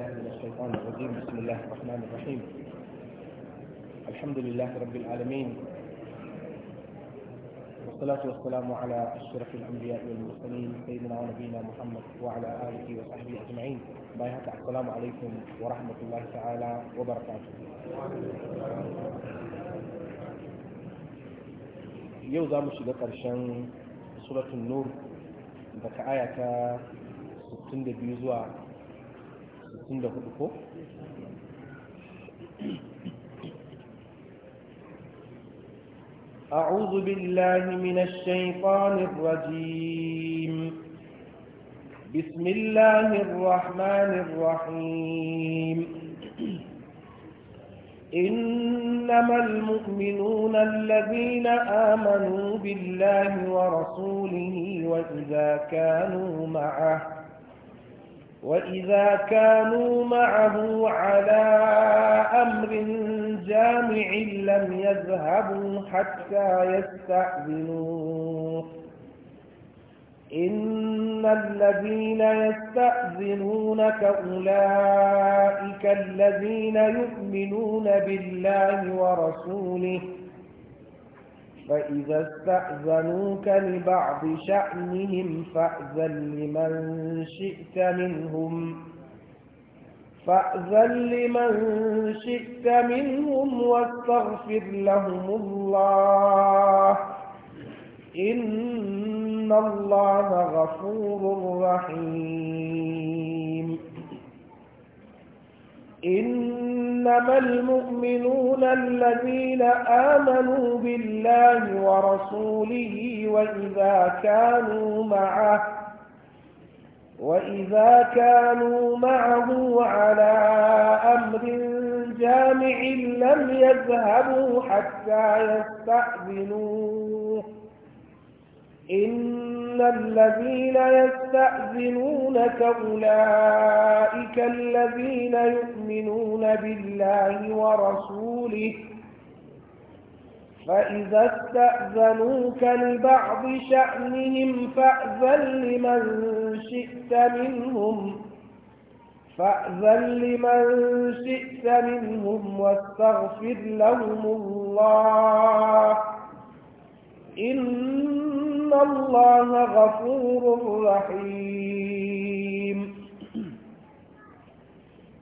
بالله من الشيطان الرجيم بسم الله الرحمن الرحيم الحمد لله رب العالمين والصلاة والسلام على أشرف الأنبياء والمرسلين سيدنا ونبينا محمد وعلى آله وصحبه أجمعين بايهات السلام عليكم ورحمة الله تعالى وبركاته يوزا مشي قرشان سورة النور daga aya ta 62 64 ko أعوذ بالله من الشيطان الرجيم بسم الله الرحمن الرحيم إنما المؤمنون الذين آمنوا بالله ورسوله وإذا كانوا معه وإذا كانوا معه على أمر جامع لم يذهبوا حتى يستأذنوه إن الذين يستأذنونك أولئك الذين يؤمنون بالله ورسوله فإذا استأذنوك لبعض شأنهم فأذن لمن شئت منهم فأذن لمن شئت منهم واستغفر لهم الله إن الله غفور رحيم إنما المؤمنون الذين آمنوا بالله ورسوله وإذا كانوا معه وإذا كانوا معه على أمر جامع لم يذهبوا حتى يستأذنوه إن إِنَّ الَّذِينَ يَسْتَأْذِنُونَكَ أُولَئِكَ الَّذِينَ يُؤْمِنُونَ بِاللَّهِ وَرَسُولِهِ فَإِذَا اسْتَأْذَنُوكَ لِبَعْضِ شَأْنِهِمْ فَأْذَن لِّمَن شِئْتَ مِنْهُمْ فَأْذَن لِّمَن شِئْتَ مِنْهُمْ وَاسْتَغْفِرْ لَهُمُ اللَّهَ إن الله غفور رحيم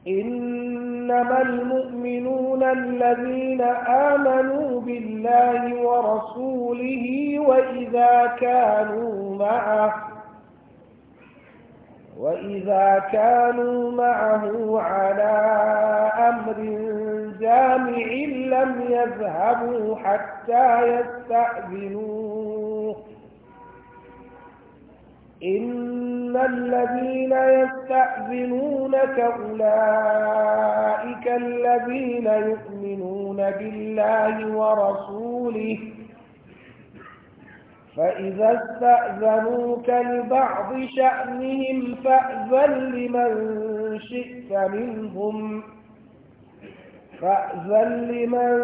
إنما المؤمنون الذين آمنوا بالله ورسوله وإذا كانوا معه وإذا كانوا معه على أمر جامع لم يذهبوا حتى يستأذنوه إن الذين يستأذنونك أولئك الذين يؤمنون بالله ورسوله فإذا استأذنوك لبعض شأنهم فأذن لمن شئت منهم فأذن لمن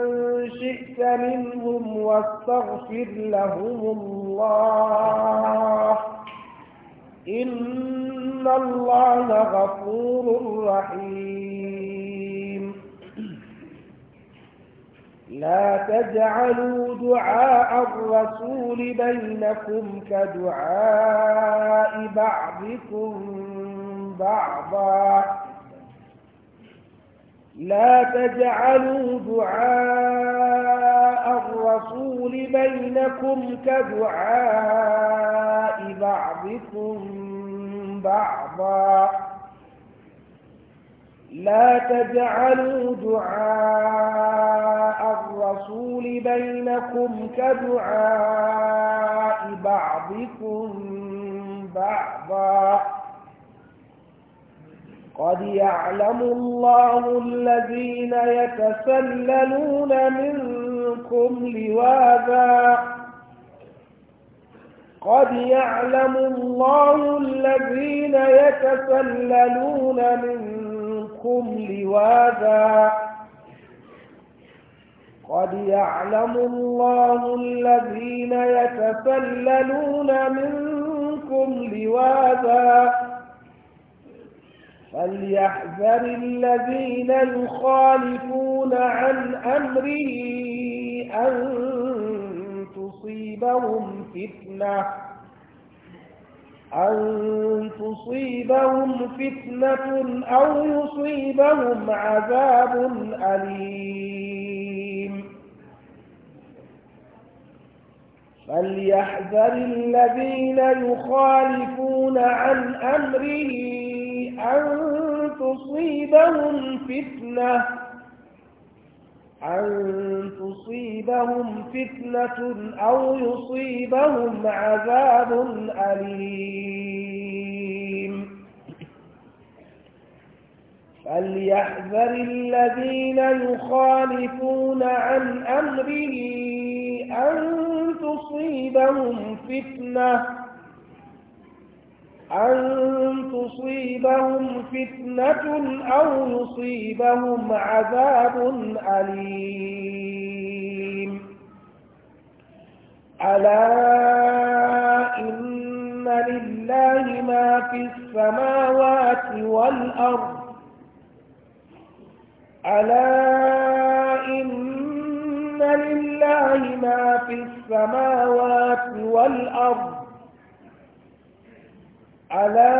شئت منهم واستغفر لهم الله إن الله غفور رحيم لا تجعلوا دعاء الرسول بينكم كدعاء بعضكم بعضا لا تجعلوا دعاء الرسول بينكم كدعاء بعضكم بعضا لا تجعلوا دعاء الرسول بينكم كدعاء بعضكم بعضا قد يعلم الله الذين يتسللون منكم لواذا قد يعلم الله الذين يتسللون منكم لواذا قد يعلم الله الذين يتسللون منكم لواذا فليحذر الذين يخالفون عن أمره أن تصيبهم فتنة أن تصيبهم فتنة أو يصيبهم عذاب أليم فليحذر الذين يخالفون عن أمره أن تصيبهم فتنة أن تصيبهم فتنة أو يصيبهم عذاب أليم فليحذر الذين يخالفون عن أمره أن تصيبهم فتنة أن تصيبهم فتنة أو يصيبهم عذاب أليم ألا إن لله ما في السماوات والأرض ألا إن لله ما في السماوات والأرض ألا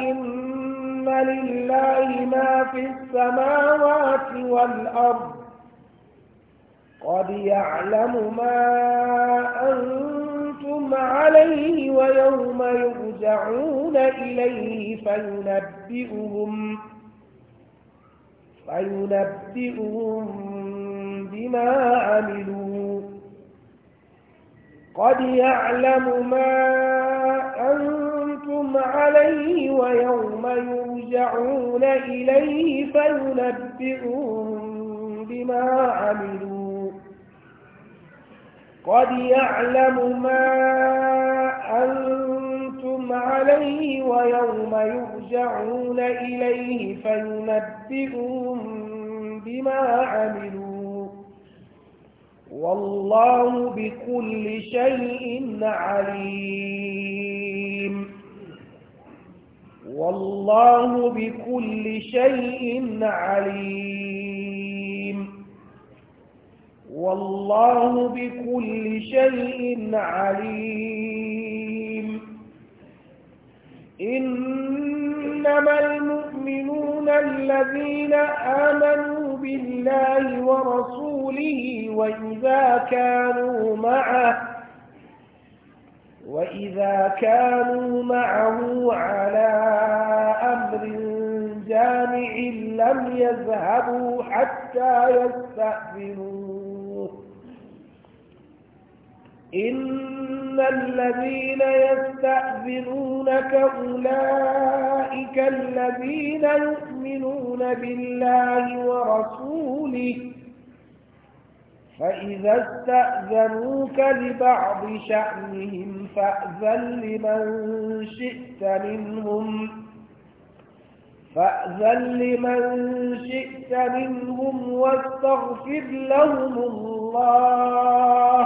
إن لله ما في السماوات والأرض قد يعلم ما أنتم عليه ويوم يرجعون إليه فينبئهم فينبئهم بما عملوا قد يعلم ما أنتم يحكم عليه ويوم يرجعون إليه فينبئهم بما عملوا قد يعلم ما أنتم عليه ويوم يرجعون إليه فينبئهم بما عملوا والله بكل شيء عليم والله بكل شيء عليم والله بكل شيء عليم إنما المؤمنون الذين آمنوا بالله ورسوله وإذا كانوا معه وإذا كانوا معه على أمر جامع لم يذهبوا حتى يستأذنوه إن الذين يستأذنونك أولئك الذين يؤمنون بالله ورسوله فإذا استأذنوك لبعض شأنهم فأذن لمن شئت منهم فأذن لمن شئت منهم واستغفر لهم الله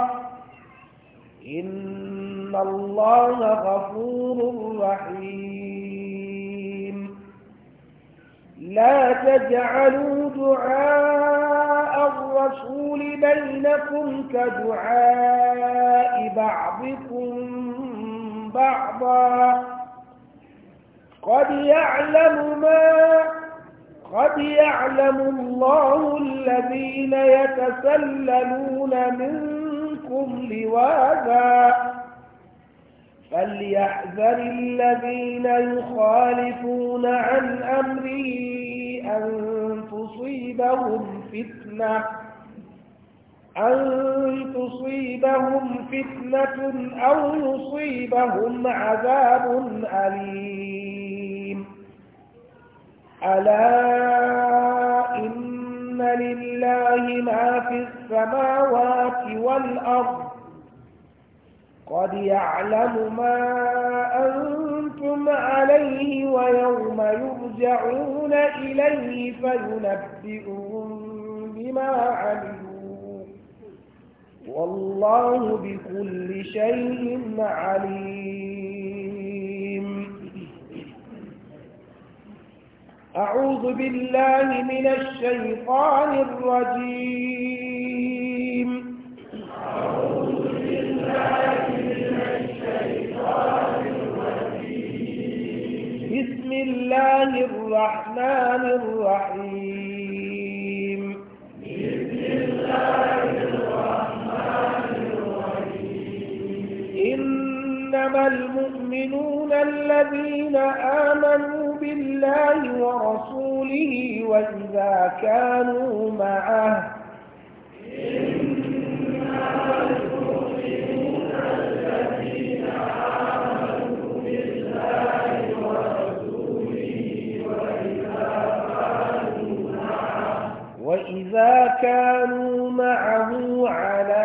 إن الله غفور رحيم لا تجعلوا دعاء الرسول بينكم كدعاء بعضكم بعضا قد يعلم ما قد يعلم الله الذين يتسللون منكم لواذا فليحذر الذين يخالفون عن أمره أن تصيبهم فتنة أن تصيبهم فتنة أو يصيبهم عذاب أليم ألا إن لله ما في السماوات والأرض قد يعلم ما أنتم عليه ويوم يرجعون إليه فينبئهم بما عملوا والله بكل شيء عليم أعوذ بالله من الشيطان الرجيم أعوذ بالله الله الرحمن الرحيم بسم الله الرحمن الرحيم إنما المؤمنون الذين آمنوا بالله ورسوله وإذا كانوا معه إنما إذا كانوا معه على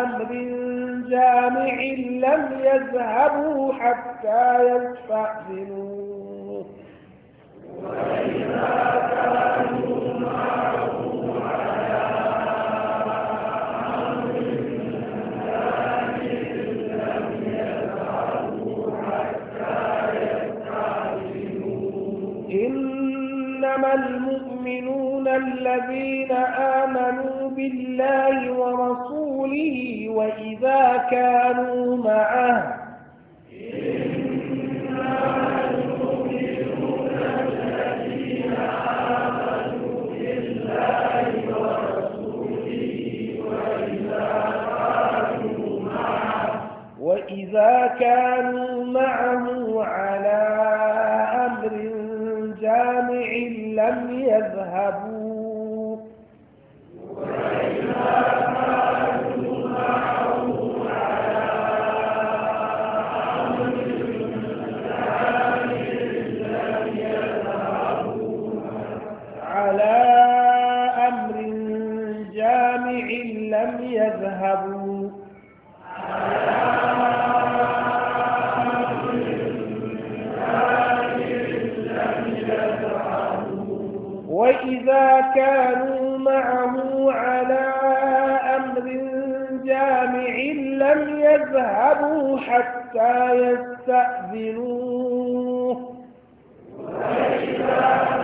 أمر جامع لم يذهبوا حتى يستأذنوه وإذا الذين آمنوا بالله ورسوله وإذا كانوا معه وإذا كانوا معه على أمر جامع لم يذهبوا كانوا معه على أمر جامع لم يذهبوا حتى يستأذنوه وإذا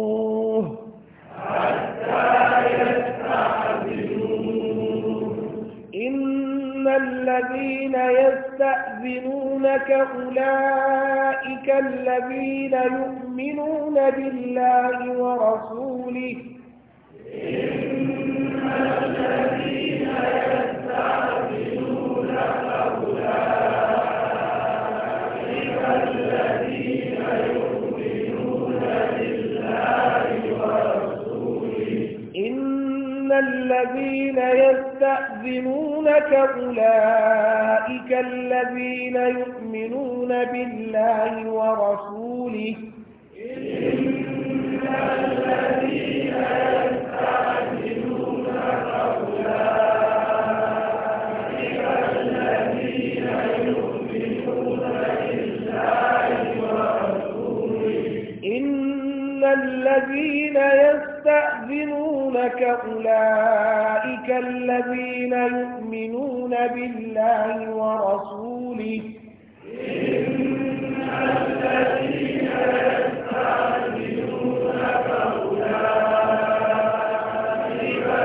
الذين يستأذنونك أولئك الذين يؤمنون بالله ورسوله الذين يستأذنونك أولئك الذين يؤمنون بالله ورسوله إن الذين يستأذنونك يستأذنونك أولئك الذين يؤمنون بالله ورسوله يخشونك أولئك الذين يؤمنون بالله ورسوله إن الذين أولئك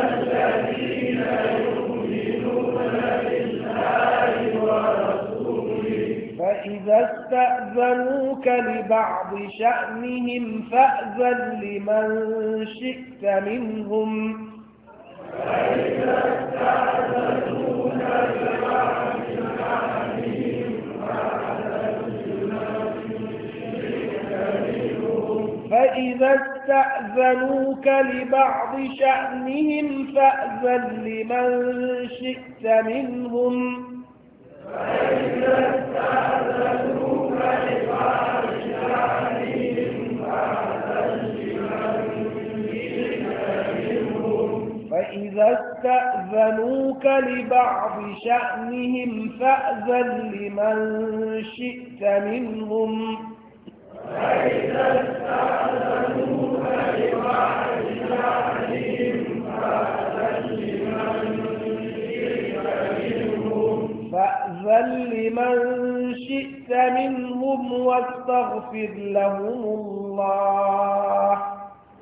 الذين يؤمنون بالله ورسوله فإذا استأذنوا ربك لبعض شأنهم فأذن لمن شئت منهم فإذا استأذنوك لبعض شأنهم فأذن لمن شئت منهم فإذا استأذنوك لبعض شأنهم فأذن لمن شئت منهم فإذا استأذنوك لبعض شأنهم فأذن لمن شئت منهم فإذا استأذنوك لبعض شأنهم فأذن لمن شئت منهم فأذن لمن شئت منهم واستغفر لهم الله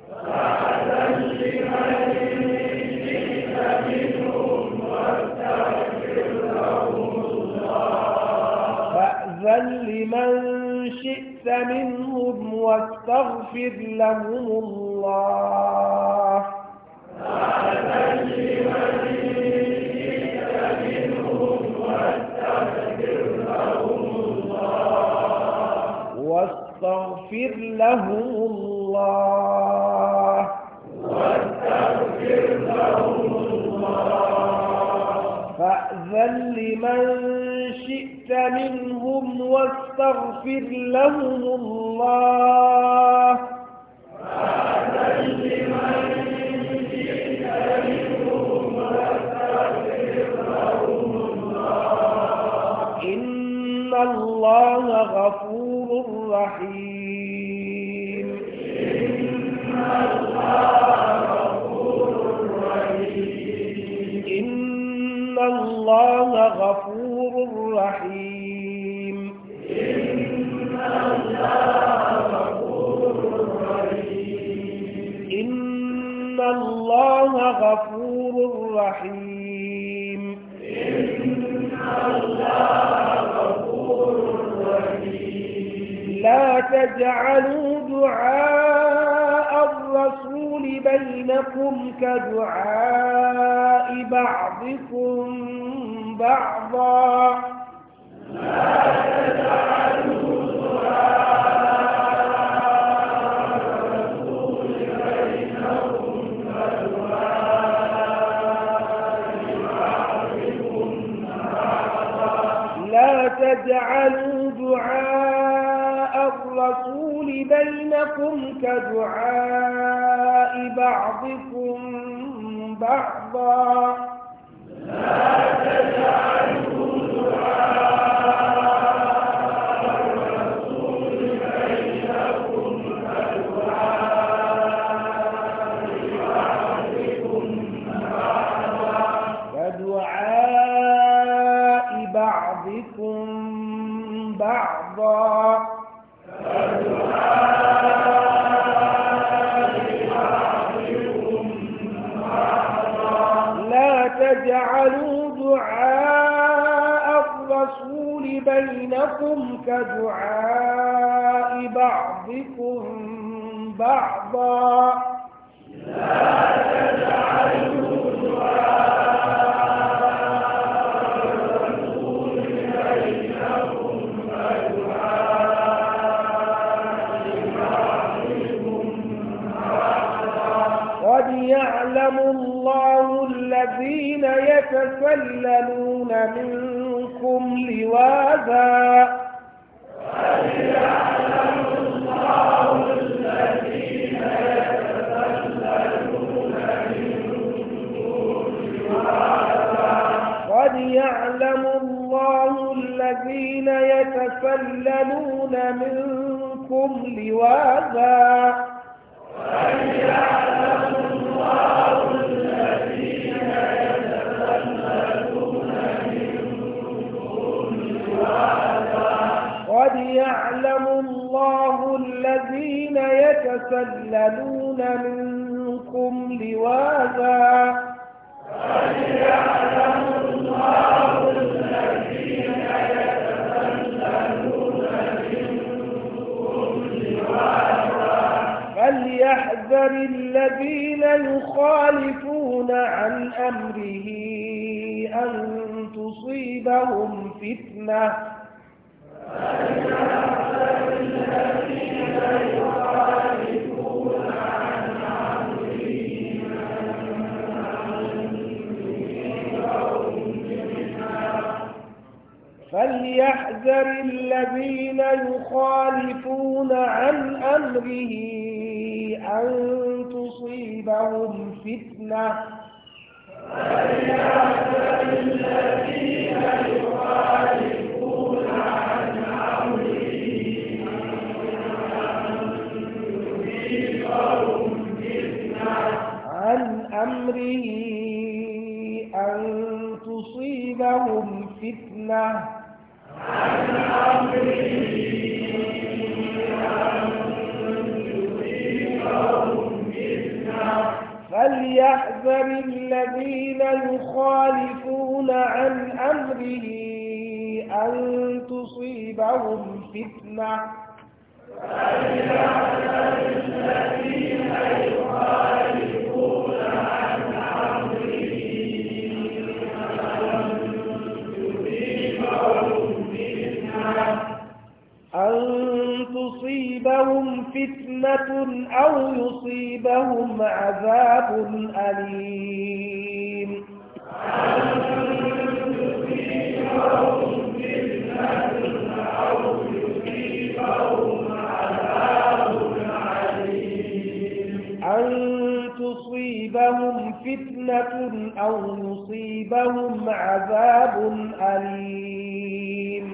فأذن لمن فأذن لمن شئت منهم واستغفر لهم الله فأذن لمن شئت منهم واستغفر لهم الله واستغفر لهم الله واستغفر لهم فاستغفر لمن شئت منهم واستغفر لهم الله إن الله غفور رحيم إن الله الله غفور رحيم إن الله غفور رحيم إن الله غفور رحيم إن الله غفور رحيم لا تجعلوا دعاء الرسول بينكم كدعاء بعضكم بعضا لا تجعلوا دعاء تجعلوا دعاء الرسول بينكم كدعاء بعضكم بعضا تدعى لواذا وليعلم الله الذين يتسللون منكم لواذا قد يعلم فليحذر الذين يخالفون عن أمره أن تصيبهم فتنة فليحذر الذين يخالفون عن أمره أن تصيبهم فتنة فليعلم الذين يخالفون عن أمره عن أمره أن تصيبهم فتنة عن أمره فليحذر الذين يخالفون عن أمره أن تصيبهم فتنة فليحذر الذين يخالفون عن أمره أن تصيبهم فتنة تصيبهم فتنة أو يصيبهم عذاب أليم تصيبهم فتنة أو يصيبهم عذاب أليم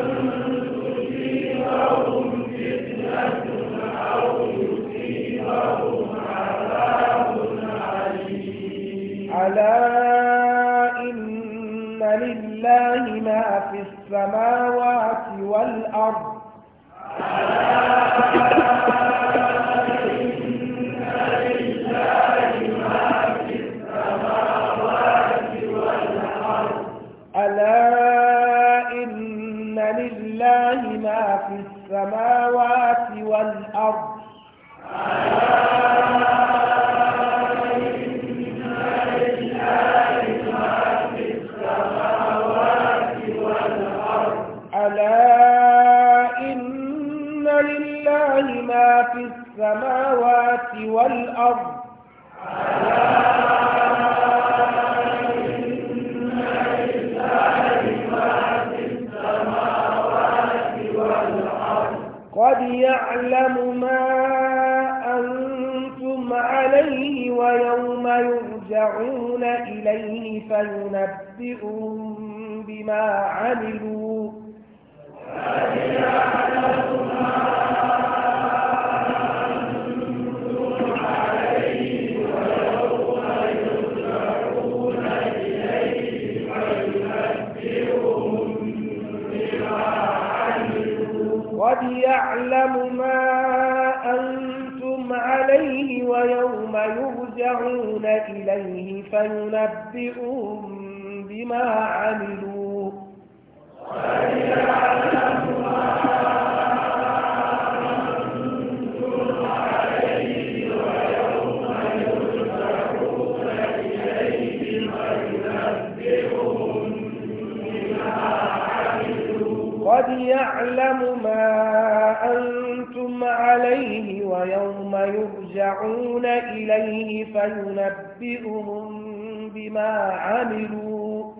السماوات والأرض والأرض قد يعلم ما أنتم عليه ويوم يرجعون إليه فينبئهم بما عملوا قد يعلم فينبئهم بما عملوا ويعلم يرجعون إليه فينبئهم بما عملوا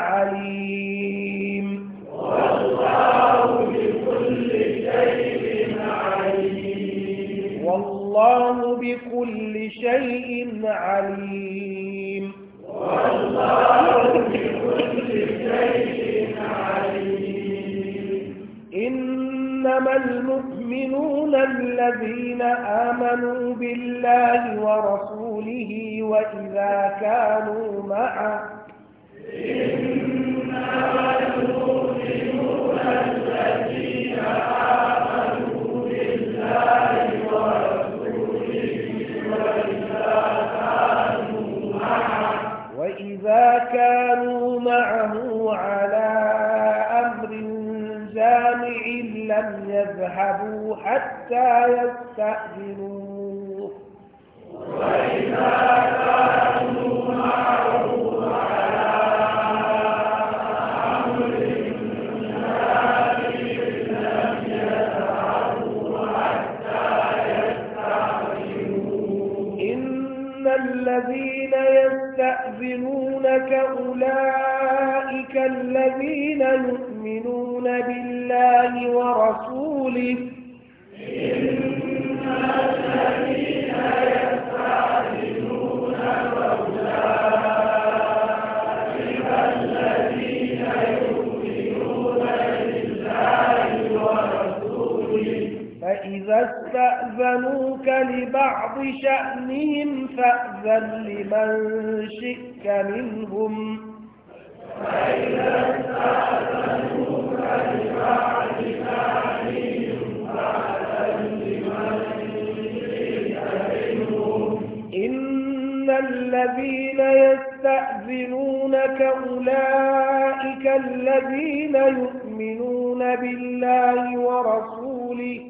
عليم والله بكل شيء عليم والله بكل شيء عليم والله بكل شيء عليم إنما المؤمنون الذين آمنوا يستأذنون ربك لبعض شأنهم فأذن لمن شئت منهم لبعض شأنهم فأذن لمن منهم إن الذين يستأذنونك أولئك الذين يؤمنون بالله ورسوله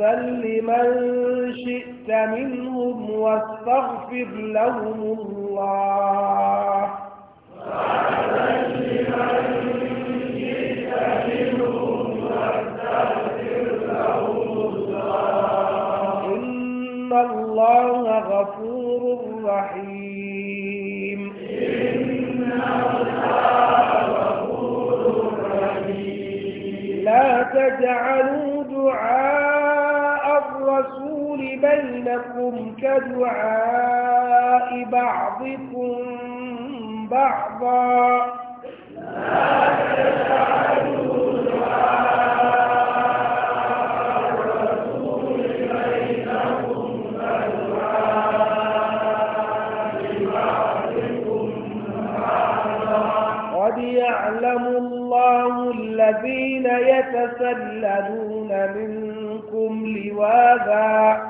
فاستغفر لمن شئت منهم واستغفر لهم الله إن الله غفور رحيم إن الله غفور رحيم لا تجعلوا دعاء بينكم كدعاء بعضكم بعضا يعلم الله الذين يتسللون منكم لواذا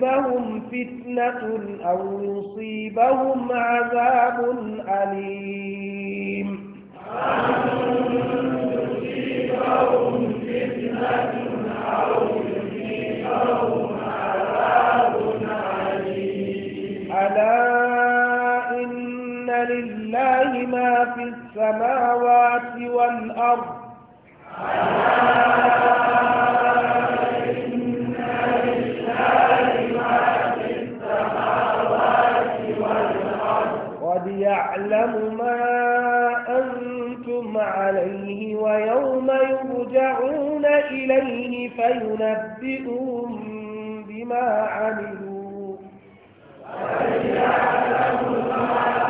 تصيبهم فتنة أو يصيبهم عذاب أليم تصيبهم فتنة أو يصيبهم عذاب أليم ألا إن لله ما في السماوات والأرض ألا يعلم ما أنتم عليه ويوم يرجعون إليه فينبئهم بما عملوا ويعلم ما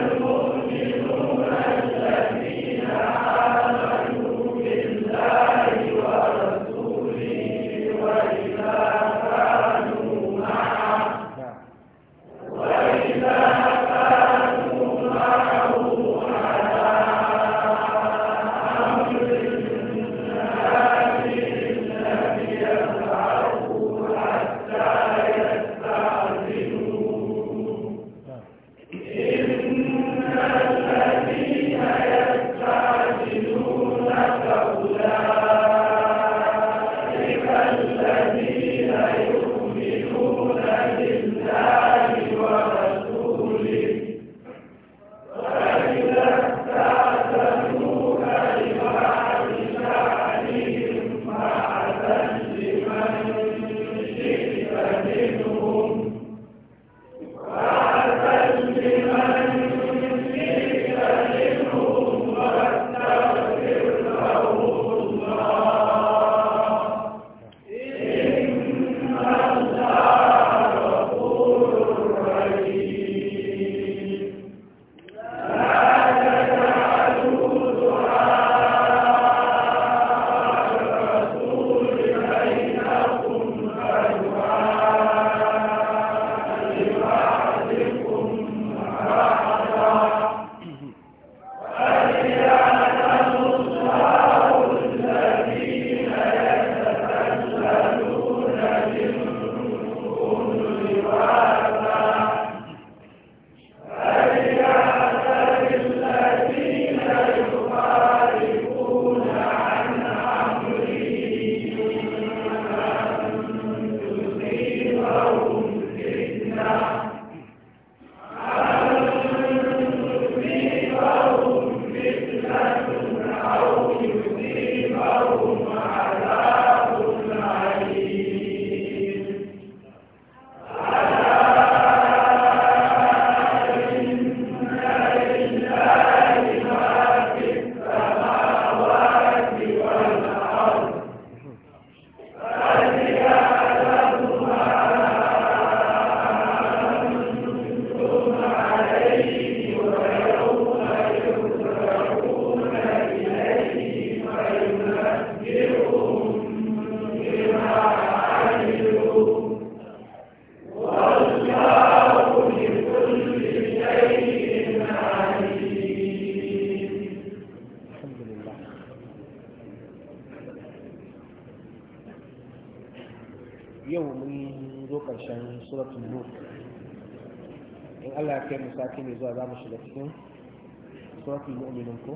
fi mu'minin ko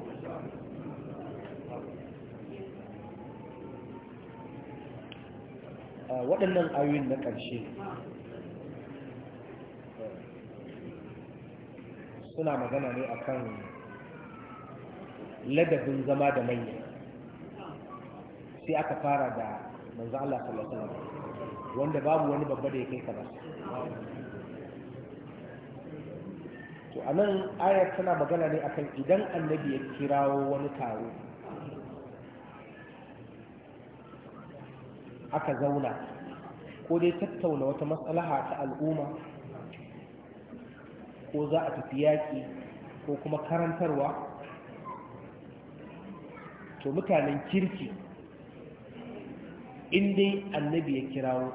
ah, waɗannan ayoyin na ƙarshe suna magana ne a akan ladabin zama da manya sai aka fara da manzan Allah sallallahu alaihi wanda babu wani babba da ya kai ka ba a nan ayar tana magana ne akan idan annabi ya kirawo wani taro aka zauna ko dai tattauna wata matsalaha ta al'umma ko za a tafi yaƙi ko kuma karantarwa to mutanen kirki indai annabi ya kirawo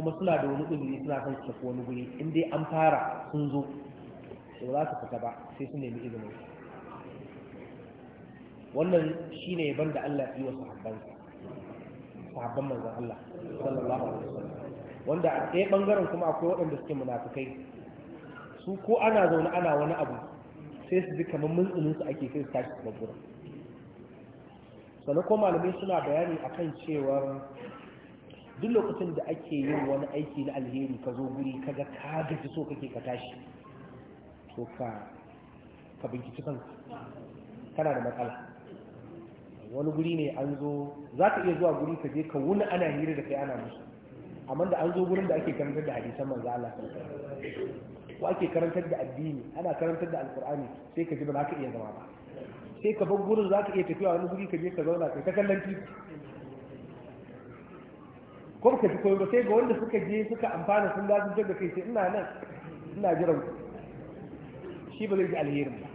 kuma suna da wani uzuri suna kan su tafi wani guri in an fara sun zo to za su fita ba sai su nemi izinin wannan shine ban da Allah yi wa sahabban sahabban manzon Allah sallallahu alaihi wasallam wanda a ɗaya bangaren kuma akwai waɗanda suke munafikai su ko ana zaune ana wani abu sai su ji kamar muntsinin su ake sai su tashi su babbura. sannan ko malamai suna bayani akan cewa duk lokacin da ake yin wani aiki na alheri ka zo guri kaga ka gaji so kake ka tashi so ka binciki kanka kana da matsala wani guri ne an zo za ka iya zuwa guri ka je ka wuni ana hira da kai ana musu amma da an zo gurin da ake karantar da hadisan manzo Allah ko ake karantar da addini ana karantar da alqur'ani sai ka ji ba za ka iya zama ba sai ka bar gurin za ka iya tafiya wani guri ka je ka zauna kai ta kallon titi ko ka ji koyo ba sai ga wanda suka je suka amfana sun gazantar da kai sai ina nan ina jiran ku shi ba zai ji alherin ba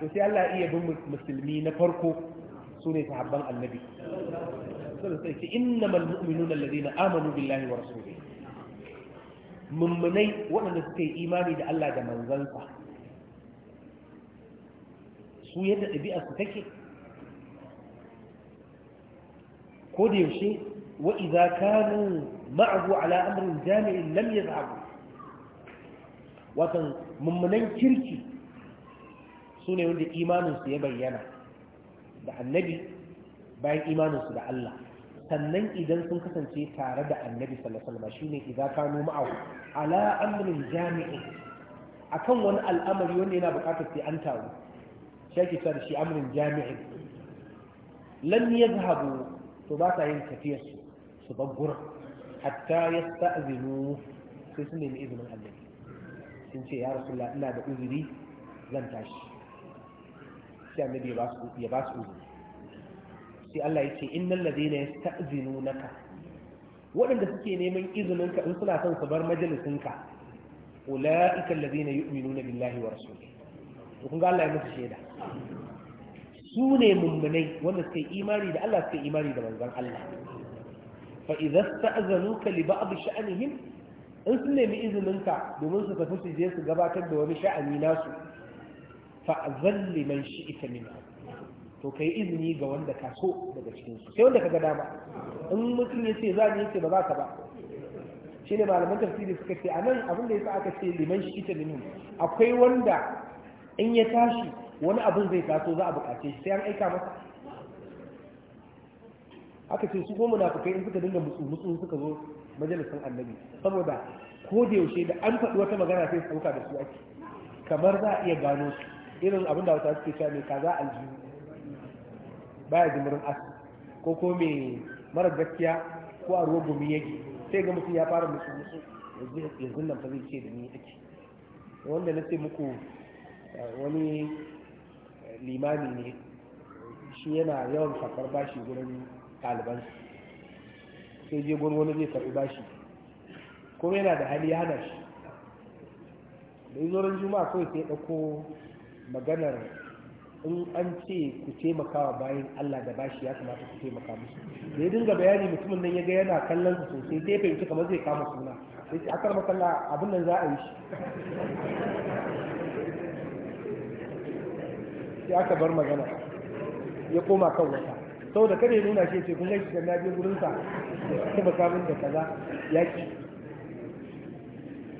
to sai Allah iya bin musulmi na farko su ne sahabban annabi sun sai ce innamal mu'minuna alladhina amanu billahi wa rasulihi mummunai waɗanda suka yi imani da Allah da manzansa su yadda ɗabi'a su take ko da yaushe wa idza kanu ma'ahu ala amrin jami'in lam yaz'abu watan mummunan kirki su ne wanda imaninsu ya bayyana da annabi bayan imaninsu da Allah sannan idan sun kasance tare da annabi sallallahu alaihi wasallam idan kanu ma'ahu ala amrin jami'i kan wani al'amari wanda yana bukatar sai an taru shaki da shi amrin jami'i lam zahabu to ba ta yin tafiyar su bar gurin hatta yasta'zinu sai su nemi izinin annabi sun ce ya rasulullah ina da uzuri zan tashi sai annabi ya ba su uzuri sai Allah ya ce innal ladina yasta'zinunaka waɗanda suke neman izinin ka in suna son su bar majalisin ka ulaika alladina yu'minuna billahi wa rasulihi kun ga Allah ya musu shaida su ne mummunai wanda suke imani da Allah suke imani da manzon Allah fa idza sta'zanuka li ba'd sha'anihim in sun nemi izininka domin su tafi su je su gabatar da wani sha'ani nasu fa'azalli man shi'ita minhu to kai izini ga wanda ka so daga cikin su sai wanda ka ga dama in mutum ya ce za ni yace ba za ka ba shi ne malaman tafsiri suka ce a nan abin da yasa aka ce liman shi'ita min akwai wanda in ya tashi wani abin zai taso za a buƙace shi sai an aika masa aka ce su goma na in suka dinga mutsu mutsu suka zo Majalisar annabi saboda ko da yaushe da an faɗi wata magana sai sauka da su ake kamar za a iya gano su irin abin da wata suke cewa mai kaza aljihu baya jimirin as ko ko mai mara gaskiya ko a ruwa gumi yake sai ga mutum ya fara musu musu yanzu nan fa zai ce da ni ake wanda na ce muku eh, wani eh, limami ne shi yana yawan shafar bashi gurin ɗalibansu sai je gurin wani zai karɓi bashi kuma yana da hali hana shi da yi zoron juma'a kawai sai ɗauko maganar in an ce ku taimakawa bayan Allah da bashi ya kamata ku taimaka musu da ya dinga bayani mutumin nan ya ga yana kallon su sosai sai fahimci kamar zai kama suna sai ce akar makalla abin nan za a yi shi sai aka bar magana ya koma kan wata saboda kada ya nuna shi ce kun gaishe na biyu gurin sa ta baka da kaza ya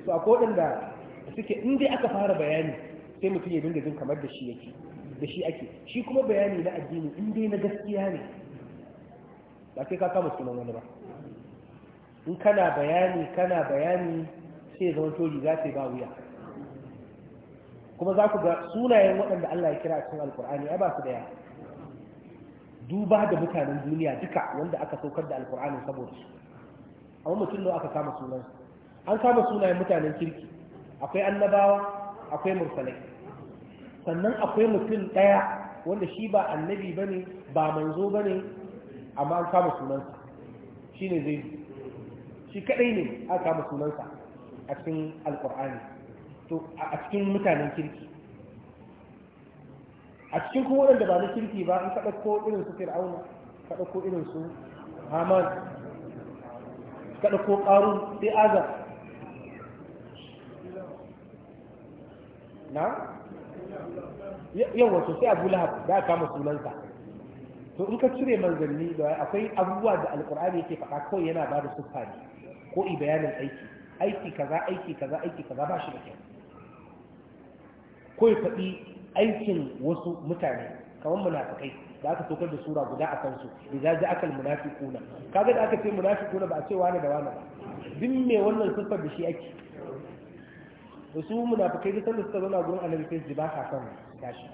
su a kodin da suke in dai aka fara bayani sai mutum ya dinga jin kamar da shi yake da shi ake shi kuma bayani na addini in dai na gaskiya ne ba sai ka kama sunan wani ba in kana bayani kana bayani sai zama za riga yi ba wuya kuma za ku ga sunayen waɗanda Allah ya kira a cikin alkur'ani ai ba su da yawa duba da mutanen duniya duka wanda aka saukar da alkur'ani saboda su amma mutum ne aka kama sunan an kama sunayen mutanen kirki akwai annabawa akwai mursalai sannan akwai mutum ɗaya wanda shi ba annabi bane ba manzo bane amma an kama sunansa shine zai shi kadai ne aka kama sunansa a cikin alkur'ani to a cikin mutanen kirki a cikin kuma waɗanda ba na kirki ba an kaɗa ko irin su fir'auna kaɗa ko irin su haman kaɗa ko ƙarun sai azar na yawan sosai abu lahab da aka kama sunansa to in ka cire manzanni da akwai abubuwa da alkur'ani yake faɗa kawai yana ba da siffa ne ko i bayanin aiki aiki kaza aiki kaza aiki kaza ba shi da kyau ko ya faɗi aikin wasu mutane kamar munafikai da aka tokar da sura guda a kansu idza ja'aka almunafiquna kaga da aka ce munafiquna ba a ce wani da wani ba Bin me wannan siffar da shi ake su munafikai duk sanda suka zauna gurin annabi sai su ba ka san tashi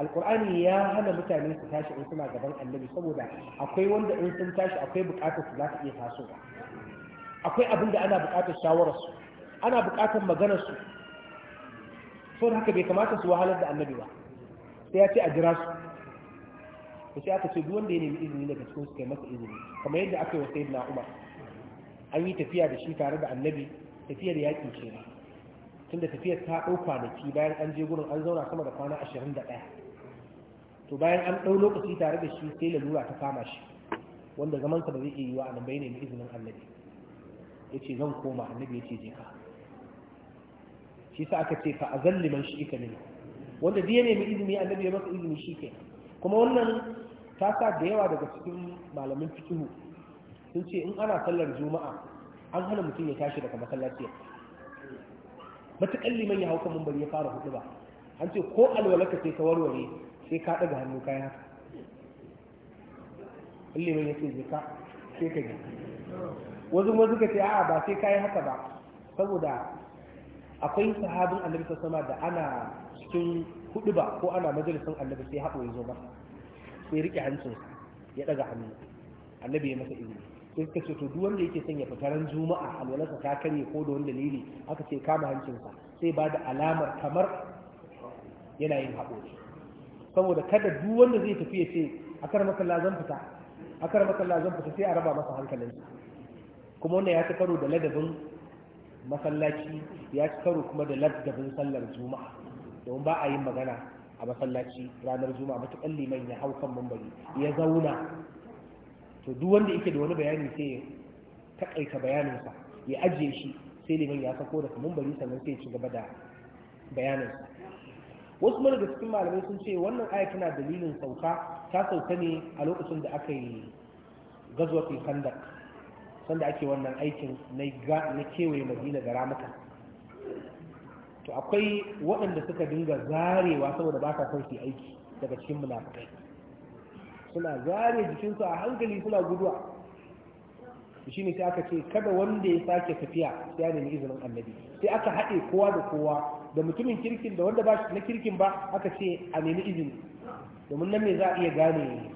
alqur'ani ya hana mutane su tashi in suna gaban annabi saboda akwai wanda in sun tashi akwai bukatar su za su iya tasowa akwai abin da ana bukatar shawararsu ana bukatar maganarsu saboda haka bai kamata su wahalar da annabi ba sai ya ce a jira su ko sai aka ce duk wanda ya nemi izini daga cikin su kai masa izini kamar yadda aka yi wa sayyidina Umar an yi tafiya da shi tare da annabi tafiyar yaƙi ce tunda tafiyar ta ɗau kwanaki bayan an je gurin an zauna sama da kwana ashirin da ɗaya to bayan an ɗau lokaci tare da shi sai lalura ta kama shi wanda zamansa ba zai iya yi wa annabi nemi izinin annabi ya ce zan koma annabi ya ce je ka shi sa aka ce fa azalli man shi ka nini wanda duk ya nemi izini annabi ya masa izini shi ke kuma wannan ta sa da yawa daga cikin malamin fikihu sun ce in ana sallar juma'a an hana mutum ya tashi daga masallaci matakan liman ya hau kan bari ya fara hudu ba an ce ko alwalaka sai ka warware sai ka daga hannu kayan haka liman ya ce jika sai ka ji wasu wasu ka ce a'a ba sai yi haka ba saboda akwai sahabin annabi sama da ana cikin hudu ba ko ana majalisin annabi sai haɓo ya zo masa sai rike hancin ya ɗaga hannu annabi ya masa izini sai suka ce to duk wanda yake son ya fita ran juma'a alwalarsa ta karye ko da wani dalili aka ce kama hancinsa sai ba da alamar kamar yana yin haɓo saboda kada duk wanda zai tafi ya ce akar makalla zan fita akar makalla zan fita sai a raba masa hankalinsa kuma wannan ya ci karo da ladabin masallaci ya ci karo kuma da ladabin sallar juma'a don ba a yin magana a masallaci ranar juma'a matuƙar liman ya hau kan mambari ya zauna to duk wanda yake da wani bayani sai ya takaita bayaninsa ya ajiye shi sai liman ya sako daga mambari sannan sai ya ci gaba da bayaninsa wasu mana da cikin malamai sun ce wannan aya tana dalilin sauka ta sauka ne a lokacin da aka yi gazwatul khandaq sanda ake wannan aikin na kewaye madina da ramuka to akwai waɗanda suka dinga zarewa saboda ba sa son su aiki daga cikin munafukai suna zare jikinsu a hankali suna guduwa shi ne sai aka ce kada wanda ya sake tafiya ya nemi izinin annabi sai aka haɗe kowa da kowa da mutumin kirkin da wanda ba na kirkin ba aka ce a nemi izini domin nan ne za a iya gane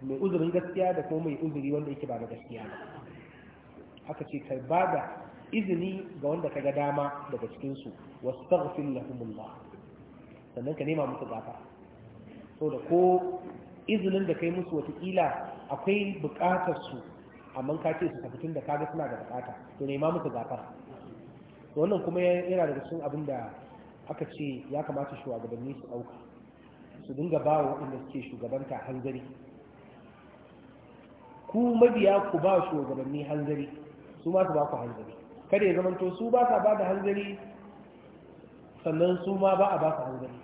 mai uzurin gaskiya da kuma mai uzuri wanda yake ba na gaskiya ba aka ce kai da izini ga wanda ka ga dama daga cikinsu wasu wastaghfir lahumullah sannan ka nema musu gafa da ko izinin da ka yi musu watakila akwai bukatar su amma ka ce su tafi tun da kaga suna da bukata to nema musu gafara wannan kuma yana daga cikin abin da aka ce ya kamata shugabanni su auka su dinga ba wa waɗanda suke shugabanta hanzari ku mabiya ku ba shugabanni hanzari su ma su ba ku hanzari kada ya zamanto su ba sa ba da hanzari sannan su ma ba a ba su hanzari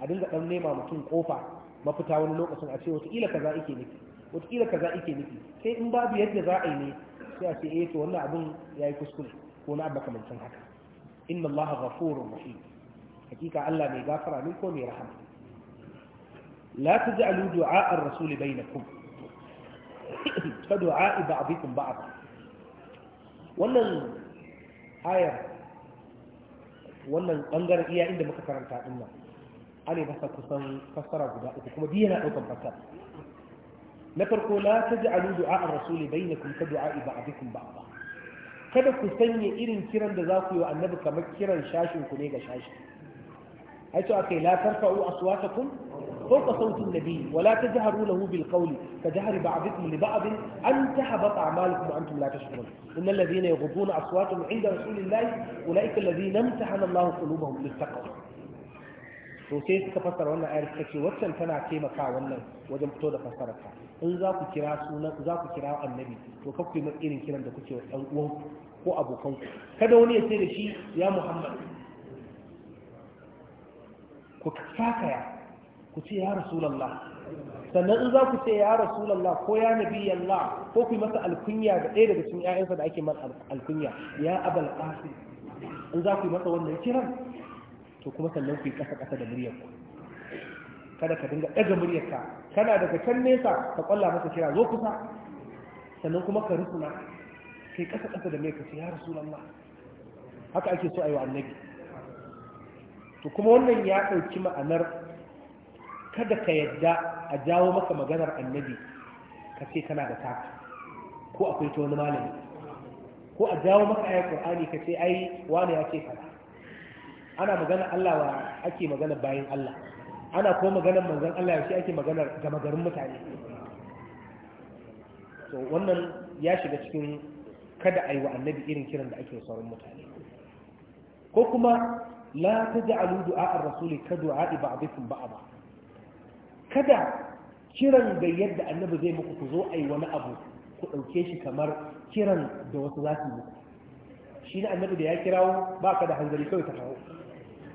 a dinga dan nema mutum kofa mafita wani lokacin a ce wataƙila kaza ike nufi wataƙila kaza ike nufi sai in babu yadda za a yi ne sai a ce eh to wannan abin ya yi kuskure ko na abu kamancin haka inna allaha ghafurur rahim hakika Allah mai gafara ne ko mai rahama la taj'alu du'a ar-rasul bainakum ka du'a ba'dikum ba'd wannan ayar wannan bangaren iya inda muka karanta din an ana masa kusan fassara guda uku kuma biyu yana daukan fassara na farko la taj'alu du'a ar-rasuli bainakum ka du'a ba'dikum ba. kada ku sanya irin kiran da za ku yi wa annabi kamar kiran shashin ku ne ga shashi ai to akai la tarfa'u aswatakum فوق صوت النبي ولا تجهروا له بالقول كجهر بعضكم لبعض أن تحبط أعمالكم وأنتم لا تشعرون إن الذين يغضون أصواتهم عند رسول الله أولئك الذين امتحن الله قلوبهم للتقوى to sai suka fassara wannan ayar suka ce waccan tana taimaka wannan wajen fito da fassarar ta in za ku kira sunan za ku kira annabi to ka ku irin kiran da kuke wa dan uwan ko abokan ku kada wani ya ce da shi ya Muhammad ku saka ya ku ce ya rasulallah sannan in za ku ce ya rasulallah ko ya nabi Allah ko ku masa alkunya da ɗaya daga cikin ƴaƴansa da ake masa alkunya ya abal qasim in za ku yi masa wannan kiran to kuma sannan ku yi ƙasa ƙasa da muryar ku kada ka dinga ɗaga ka kana daga can nesa ka ƙwalla masa kira zo kusa sannan kuma ka rusuna kai ƙasa ƙasa da mai ka ce ya rasulallah haka ake so a yi wa annabi to kuma wannan ya ɗauki ma'anar kada ka yadda a jawo maka maganar annabi ka ce kana da taka ko akwai ta wani malami ko a jawo maka ayar qur'ani ka ce ai wani ya ce kana ana magana Allah wa ake magana bayan Allah ana kuma maganar manzon Allah yaushe ake magana ga garin mutane to wannan ya shiga cikin kada a yi wa annabi irin kiran da ake sauran mutane ko kuma la ta ji alu du'a a rasuli ka du'a iba abifin ba'a ba kada kiran da yadda annabi zai muku ku zo ai wani abu ku ɗauke shi kamar kiran da wasu za su muku shi na annabi da ya kirawo ba ka da hanzari kawai ta kawo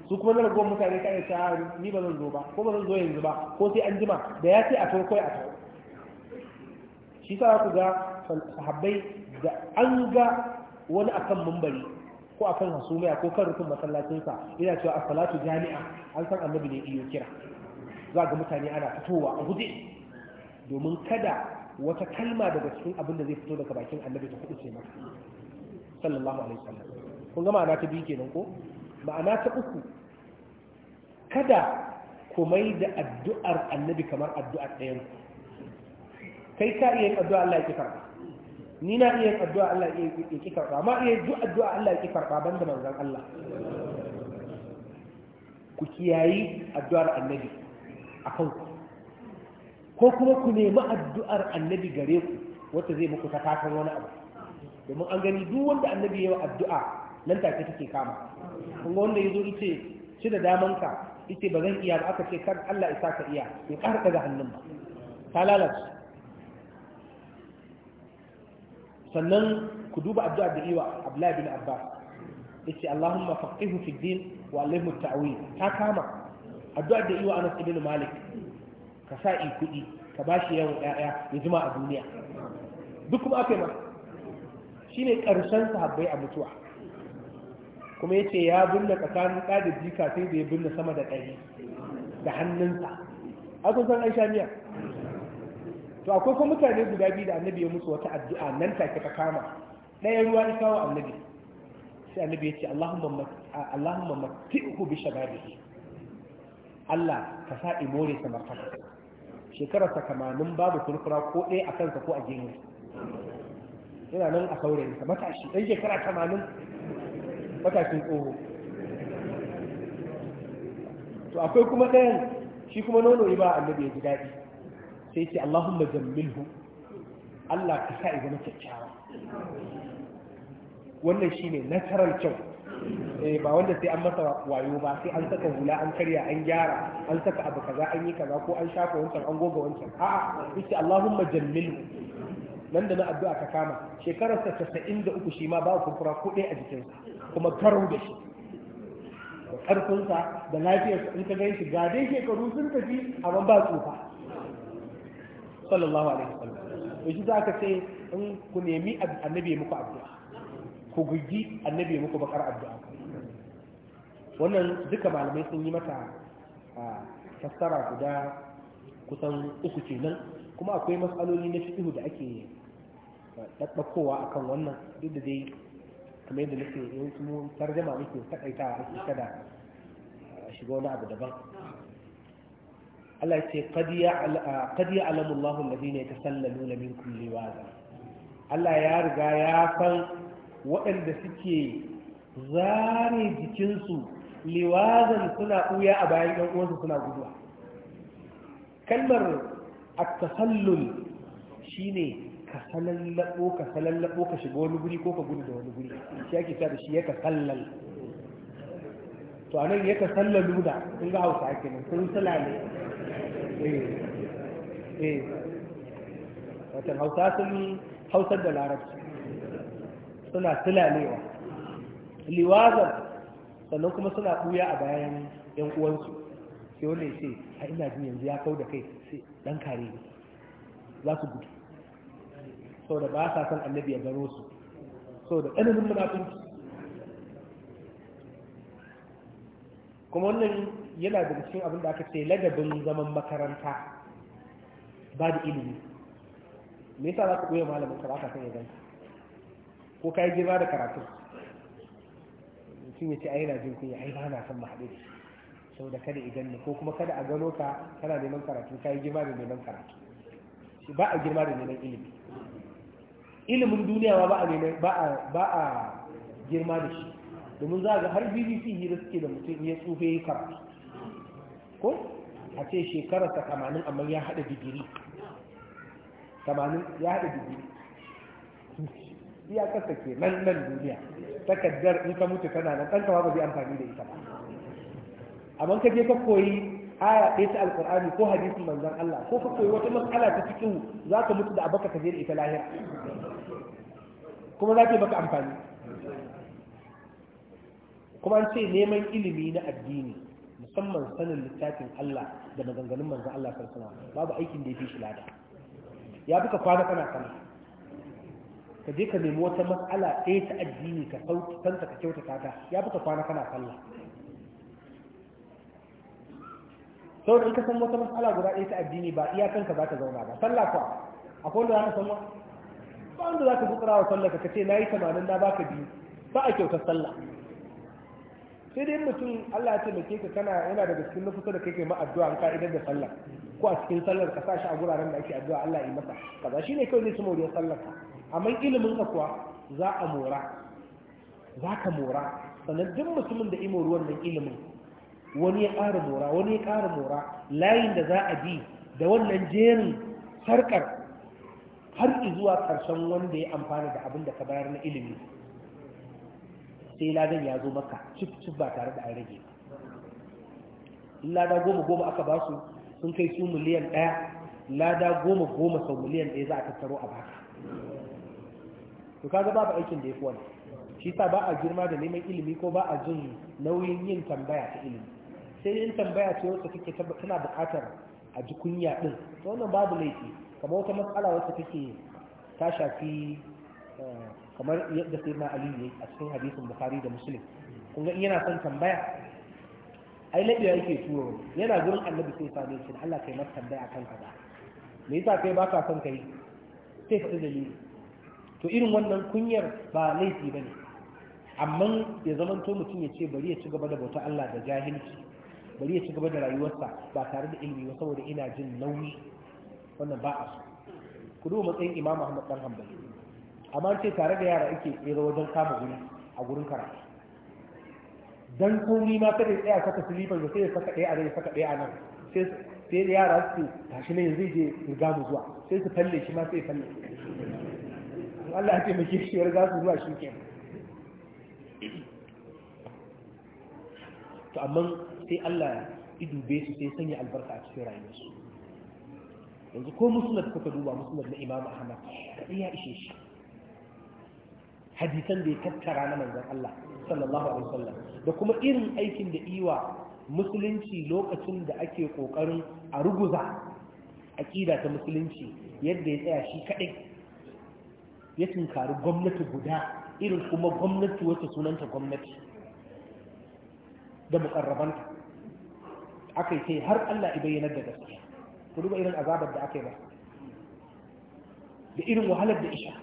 su kuma na goma mutane ka ta ni ba zan zo ba ko ba zan zo yanzu ba ko sai an jima da ya ce a to a kawo shi sa ku ga sahabbai da an ga wani akan mumbari ko akan hasumiya ko kan rufin masallacinsa ina cewa as-salatu jami'a an san annabi ne iyo kira za ga mutane ana fitowa a guje domin kada wata kalma daga cikin abin da zai fito daga bakin annabi ta kudu ce maka sallallahu alaihi wasallam kun ga ma'ana ta biyu kenan ko ma'ana ta uku kada ku mai da addu'ar annabi kamar addu'ar ɗayan ku. kai ka iya yin addu'a Allah ya ki karɓa ni na iya yin addu'a Allah ya ki karɓa ma iya duk addu'a Allah ya ki karɓa banda manzon Allah ku kiyayi addu'ar annabi a kanku ko kuma ku nemi addu'ar annabi gare ku wata zai muku takatan wani abu domin an gani duk wanda annabi yawa addu'a nan take take kama kuma wanda ya zo ice shi da damanka yace ba zan iya ba aka ce kar Allah isa ka iya ya ƙara daga hannun ba ta lalace sannan ku duba addu'a da iwa Abdullahi bin Abbas yace Allahumma faqihu fi din wa allimhu ta'wil ta kama addu'ar da iwa anas ibn malik ka sa i kuɗi ka ba shi yawan ƴaƴa ya jima a duniya duk kuma aka yi ma shine ƙarshen sahabbai a mutuwa kuma yace ya binne tsakanin ɗa jika sai da ya binne sama da ɗari da hannunsa a san an miya to akwai kuma mutane guda biyu da annabi ya musu wata addu'a nan take ta kama ɗaya ruwa ya kawo annabi sai annabi ya ce Allahumma matti'uhu bi shababihi Allah ka sa imore samartaka shekarar ta kamanin babu kurkura ko ɗaya a kansa ko a gini yana nan a saurayin sa matashi ɗan shekara kamanin matashin tsoho to akwai kuma ɗayan shi kuma nono ba annabi ya ji daɗi sai ce Allahumma jammilhu Allah ka sa zama kyakkyawa wannan shine tarar kyau Eh, ba wanda sai an masa wayo ba sai an saka hula an karya an gyara an saka abu kaza an yi kaza ko an shafa wancan an goga wancan a'a yace Allahumma jammil nan da na addu'a ka kama shekarar sa 93 shi ma ba kura ko dai a jikinsa kuma garau da shi da karfin sa da lafiyar sa in ka ga shi ga dai shekaru sun tafi amma ba tsufa sallallahu alaihi wasallam yaji za ka ce in ku nemi annabi muku addu'a ku guji annabi muku bakar addu'a wannan duka malamai sun yi mata a fassara guda kusan uku kenan kuma akwai matsaloli na fiqh da ake ɗaɗɗakowa a kan wannan duk da dai kamar yadda nake yanzu mu tarjama muke a ake kada shiga wani abu daban Allah ya ce qad ya'lamu Allahu alladhina yatasallaluna minkum liwaza Allah ya riga ya san waɗanda suke zane jikinsu liwazan suna ɓuya a bayan ɗan uwansu suna guduwa kalmar at-tasallul ne ka salallabo ka salallabo ka shiga wani guri ko ka gudu da wani guri shi ake sa da shi ya ka sallal to anan ya ka sallalu da kun ga Hausa ake nan sun salale eh eh wata Hausa sun Hausar da Larabci suna tulalewa liwazar sannan kuma suna ɓuya a bayan yan uwansu sai wanda ya ce a ina jin yanzu ya kau da kai sai dan kare ne za su gudu sau da ba sa son annabi ya gano su saboda tsananin munafunci kuma wannan yana da cikin abin da aka ce ladabin zaman makaranta ba da ilimi me yasa za ka ɓoye malamin ka ba ka san ya ganka ko ka yi girma da karatu mutum ya ce ai na jin kunya ai ba na son mu haɗu da shi saboda kada idan ne ko kuma kada a gano ka kana neman karatu ka yi girma da neman karatu ba a girma da neman ilimi ilimin duniya ba a neman ba a girma da shi domin za ga har bbc hira suke da mutum ya tsufe ya karatu ko a ce ta tamanin amma ya haɗa digiri tamanin ya haɗa digiri iya kasa ke nan nan duniya takaddar in ka mutu tana nan ɗanka ba zai amfani da ita ba amma ka je ka koyi aya ɗaya ta alkur'ani ko hadisin manzon Allah ko ka koyi wata matsala ta cikin za ka mutu da abaka ka je da ita lahira kuma za ta baka amfani kuma an ce neman ilimi na addini musamman sanin littafin Allah da maganganun manzon Allah sallallahu alaihi wasallam babu aikin da ya fi shi lada ya fi ka kwana kana kana ka je ka nemi wata matsala ɗaya ta addini ka sauki santa ka kyautata ta ya fi ka kwana kana sallah sau da in ka san wata matsala guda ɗaya ta addini ba iyakanka za ka zauna ba sallah kuwa akwai wanda da ka san ba wanda za ka gutsura wa sallah ka ce na yi tamanin na baka biyu ba a kyauta sallah sai dai mutum Allah ya ce mai ka kana yana daga cikin nufusa da kai ma addu'a an ka'idar da sallah ko a cikin sallar ka sa shi a guraren da ake addu'a Allah ya yi masa kaza shine kawai zai ci moriyar sallar ka amma ilimin ka kuwa za a mora za ka mora sannan duk mutumin da imo ruwan nan ilimin wani ya ƙara mora wani ya ƙara mora layin da za a bi da wannan jerin sarƙar har zuwa ƙarshen wanda ya amfana da abin da ka bayar na ilimi sai ladan ya zo maka cif cif ba tare da an rage lada goma goma aka ba su sun kai su miliyan ɗaya lada goma goma sau miliyan ɗaya za a tattaro a baka to kaga babu aikin da ya fi shi sa ba a girma da neman ilimi ko ba a jin nauyin yin tambaya ta ilimi sai yin tambaya ce wacce take tana buƙatar a ji kunya din to wannan babu laifi kamar wata matsala wacce take ta shafi eh, kamar yadda sai na aliyu ne a cikin hadisin bukhari da muslim kun ga yana son tambaya ai laɓe yake turo yana gurin annabi sai same shi Allah kai masa tambaya akan kaza me yasa kai baka son kai sai ka dalili to irin wannan kunyar ba laifi ba ne. amma ya to mutum ya ce bari ya ci gaba da bauta Allah da jahilci bari ya ci gaba da rayuwarsa ba tare da ilimi ba saboda ina jin nauyi wannan ba a so ku duba matsayin Imam Ahmad dan hanbal amma ce tare da yara ake tsira wajen kama guri a gurin karatu dan komi ma kada ya tsaya saka silifan ya sai ya saka ɗaya a nan ya saka ɗaya a nan sai da yara su tashi ne zai je riga mu zuwa sai su falle shi ma sai falle Allah ya taimake shi ya riga su zuwa shi kenan to amma sai Allah ya dube su sai sanya albarka a cikin rayuwarsu yanzu ko Musulmat kuka duba Musulmat na imam ahmad kaɗai ya ishe shi hadisan da ya tattara na manzan Allah sallallahu alaihi wasallam da kuma irin aikin da iwa musulunci lokacin da ake kokarin a ruguza aƙida ta musulunci yadda ya tsaya shi kaɗai ya tunkari gwamnati guda irin kuma gwamnati wacce sunanta gwamnati da mukarrabanta aka yi sai har Allah I bayyanar da gaskiya ku duba irin azabar da aka yi ba da irin wahalar da isha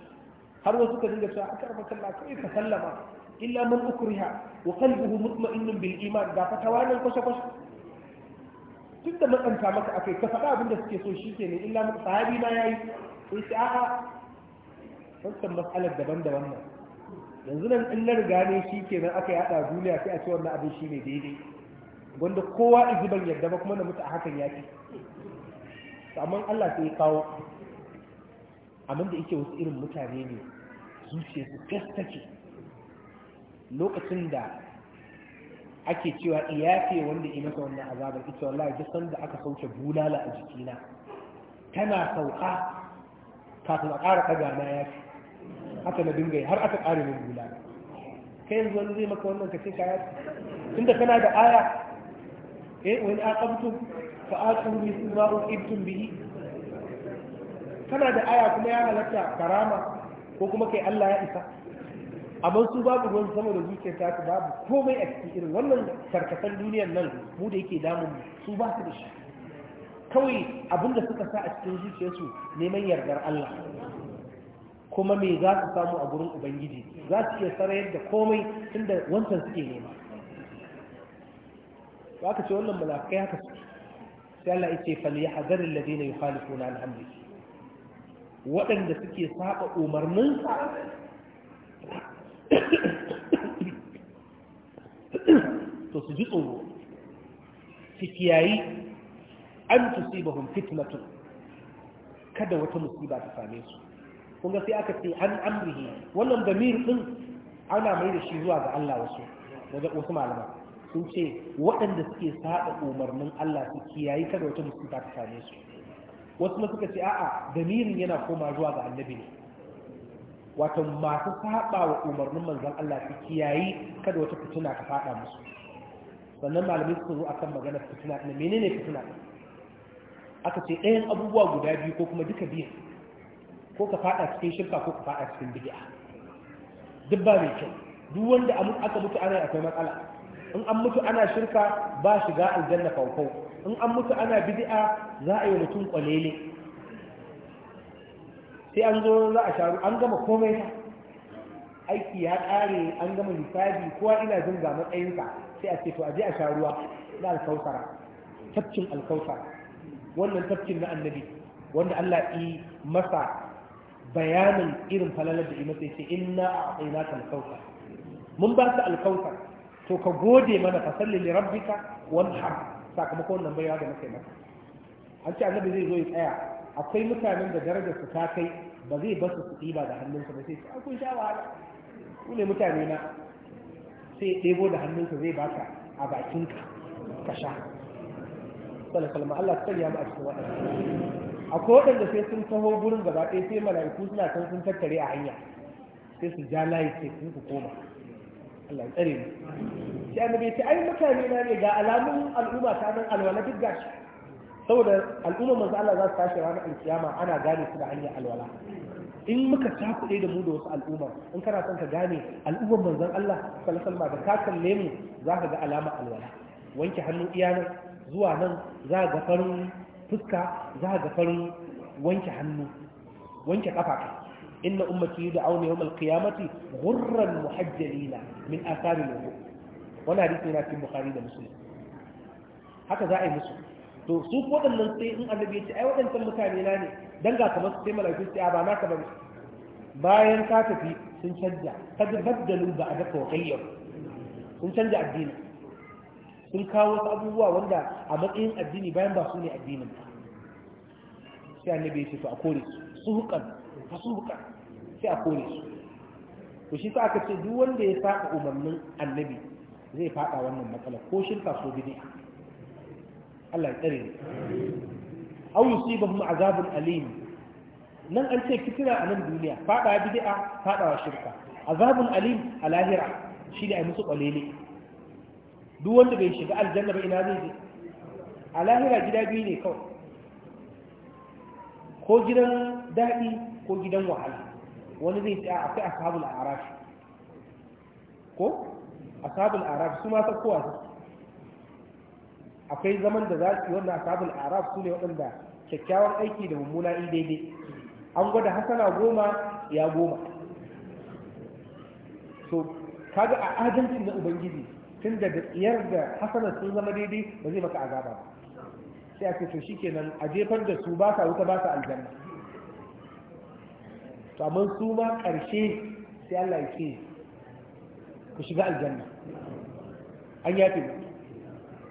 har wasu ka dinga cewa aka rabu kalla kai ka sallama illa man ukriha wa qalbuhu mutma'innun bil iman ga fatawa nan kwashe kwashe Tunda matsanta maka akai ka faɗa abin da suke so shi ke ne illa sahabi na yayi sai a'a wancan matsalar daban daban wannan yanzu nan in na riga ne shi kenan aka yada duniya sai a ce wannan abin shi ne daidai wanda kowa izi ban yarda ba kuma na mutu a hakan ya ce amma Allah sai ya kawo amma da yake wasu irin mutane ne zuciya su gaskace lokacin da ake cewa iyafe wanda ya masa wannan azabar ita wallahi duk sanda aka sauke bulala a jikina tana sauka kafin a ƙara ɗaga na yafi haka na dinga har aka ƙare min gula kai yanzu wani zai maka wannan ka ce ka tunda kana da aya eh wani aqabtum fa aqum bi ma uqibtum bihi kana da aya kuma ya halatta karama ko kuma kai Allah ya isa amma su babu ruwan sama da zuciyar ta su babu komai a cikin irin wannan karkasan duniyar nan mu da yake damun su ba su da shi kawai abinda suka sa a cikin zuciyarsu neman yardar Allah kuma me za su samu a gurin ubangiji za su iya sarayar da komai tunda wancan suke nema ba ka ce wannan malakai haka su sai Allah ya ce fal yahzar alladhina yukhalifuna an amri waɗanda suke saba umarnin sa to su ji tsoro su kiyayi an tusibahum fitnatun kada wata musiba ta same su kun ga sai aka ce an amrihi wannan damir din ana mai da shi zuwa ga Allah wasu daga wasu malaman sun ce waɗanda suke saɗa umarnin Allah su kiyayi kada wata musiba ta same su wasu ma suka ce a'a damirin yana koma zuwa ga annabi ne wato masu saɓa wa umarnin manzon Allah su kiyayi kada wata fitina ka faɗa musu sannan malamai suka zo akan magana fitina ne menene fitina aka ce ɗayan abubuwa guda biyu ko kuma duka biyu ko ka fada cikin shirka ko ka fada cikin bid'a duk ba mai kyau duk wanda aka mutu ana akwai matsala in an mutu ana shirka ba shiga aljanna faufau in an mutu ana bid'a za a yi mutum kwalele sai an zo za a sharu an gama komai ta aiki ya kare an gama hisabi kowa ina jin ga matsayinsa sai a ce to a je a sharuwa na alkausara tafkin alkausara wannan tafkin na annabi wanda Allah yi masa bayanin irin falalar da imata ce inna a aina ta alkauta mun ba ka alkauta to ka gode mana fasalli li rabbika wanhar sakamakon wannan baiwa da muka yi maka an ce annabi zai zo ya tsaya akwai mutanen da darajar su ta kai ba zai ba su ɗiba da hannunsa ba sai ce an kun sha wahala ku ne mutane na sai ɗebo da hannunsa zai baka a bakinka ka sha sallallahu alaihi wa sallam Allah ya mu a cikin waɗannan akwai waɗanda sai sun taho gurin gaba ɗaya sai mala'iku suna can sun tattare a hanya sai su ja layi sai sun ku koma Allah ya tsare mu sai annabi ya ce ai mutane na ne ga alamun al'umma ta nan alwala duk gashi saboda al'umma manzo Allah za su tashi ranar alkiyama ana gane su da hanyar alwala in muka cakuɗe da mu da wasu al'umma in kana son ka gane al'ummar manzon Allah sallallahu alaihi wasallam da ka mu za ka ga alama alwala wanke hannu iya zuwa nan za ga farin fuska za ga farin wanke hannu wanke kafa kai inna ummati yud'auna yawm al-qiyamati ghurran muhajjalina min athari al-wudu wannan hadisi yana cikin bukhari da muslim haka za a yi musu to su waɗannan sai in annabi ya ce ai waɗancan mutane na ne dan ga kamar su sai malaiku sai ba naka bane bayan ka tafi sun canja kad baddalu ba'daka wa ghayyaru sun canja addini sun kawo wasu abubuwa wanda a matsayin addini bayan ba su ne addinin sai annabi ya ce su a kore su su hukan fa su hukan sai a kore su to shi sa aka ce duk wanda ya saka umarnin annabi zai fada wannan matsala ko shirka so bid'a Allah ya tsare ni aw yusibahum azabun alim nan an ce fitira a nan duniya fada bid'a fada shirka azabun alim a lahira shi ne a musu kwalele duk wanda bai shiga aljanna ba ina zai je a lahira gida biyu ne kawai ko gidan daɗi ko gidan wahala wani zai tsaya akwai ashabul araf ko ashabul araf su ma ta kowa su akwai zaman da za su yi wannan ashabul araf su ne waɗanda kyakkyawan aiki da mummuna in daidai an gwada hasana goma ya goma so kaga a ajancin na ubangiji tun da tsiyar da hasanar sun zama daidai ba zai maka azaba ba sai a ce to shikenan a jefar da su ba sa wuta ba sa aljanna to amma su ma karshe sai Allah ya ce ku shiga aljanna an ya yafe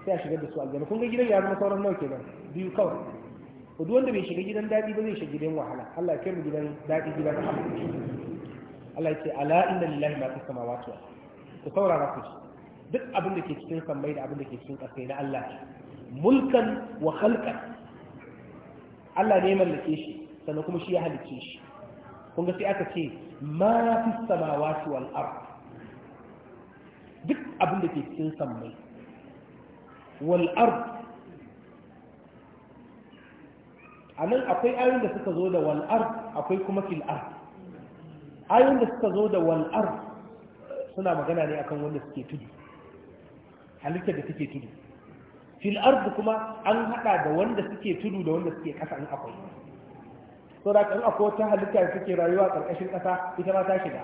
sai a shigar da su aljanna kun ga gidan ya zama sauran nawa kenan biyu kawai duk wanda bai shiga gidan daɗi ba zai shiga gidan wahala Allah ya kai mu gidan daɗi gidan wahala Allah ya ce ala inna lillahi ma fi samawati wa ku saurara ku duk abin da ke cikin sammai da abin da ke cikin ƙasai na Allah ne mulkan wa khalqan Allah ne mallake shi sannan kuma shi ya halicce shi kun ga sai aka ce ma fi samawati wal ard duk abin da ke cikin sammai wal ard anan akwai ayoyin da suka zo da wal ard akwai kuma fil ard ayoyin da suka zo da wal ard suna magana ne akan wanda suke tudu halittar da suke tudu fil kuma an hada da wanda suke tudu da wanda suke kasa in akwai so da kan akwai wata halitta da suke rayuwa karkashin kasa ita ma ta shiga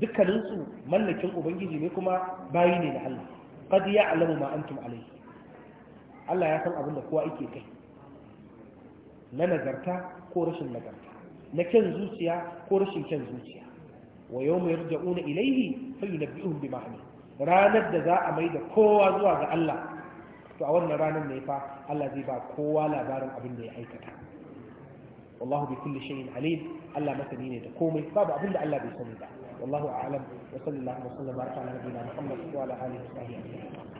dukkanin su mallakin ubangiji ne kuma bayi ne da Allah qad ya'lamu ma antum alayhi Allah ya san abin da kowa yake kai na nazarta ko rashin nazarta na kyan zuciya ko rashin kyan zuciya wa yawma yarja'una ilayhi fayunabbi'uhum bima amilu ranar da za a mai da kowa zuwa ga Allah to a wannan ranar ne fa Allah zai ba kowa labarin abin da ya aikata wallahu bi kulli shay'in alim Allah masani ne da komai babu abin da Allah bai sani ba wallahu a'lam wa sallallahu wa sallama ala nabiyyina Muhammad wa ala alihi wa sahbihi ajma'in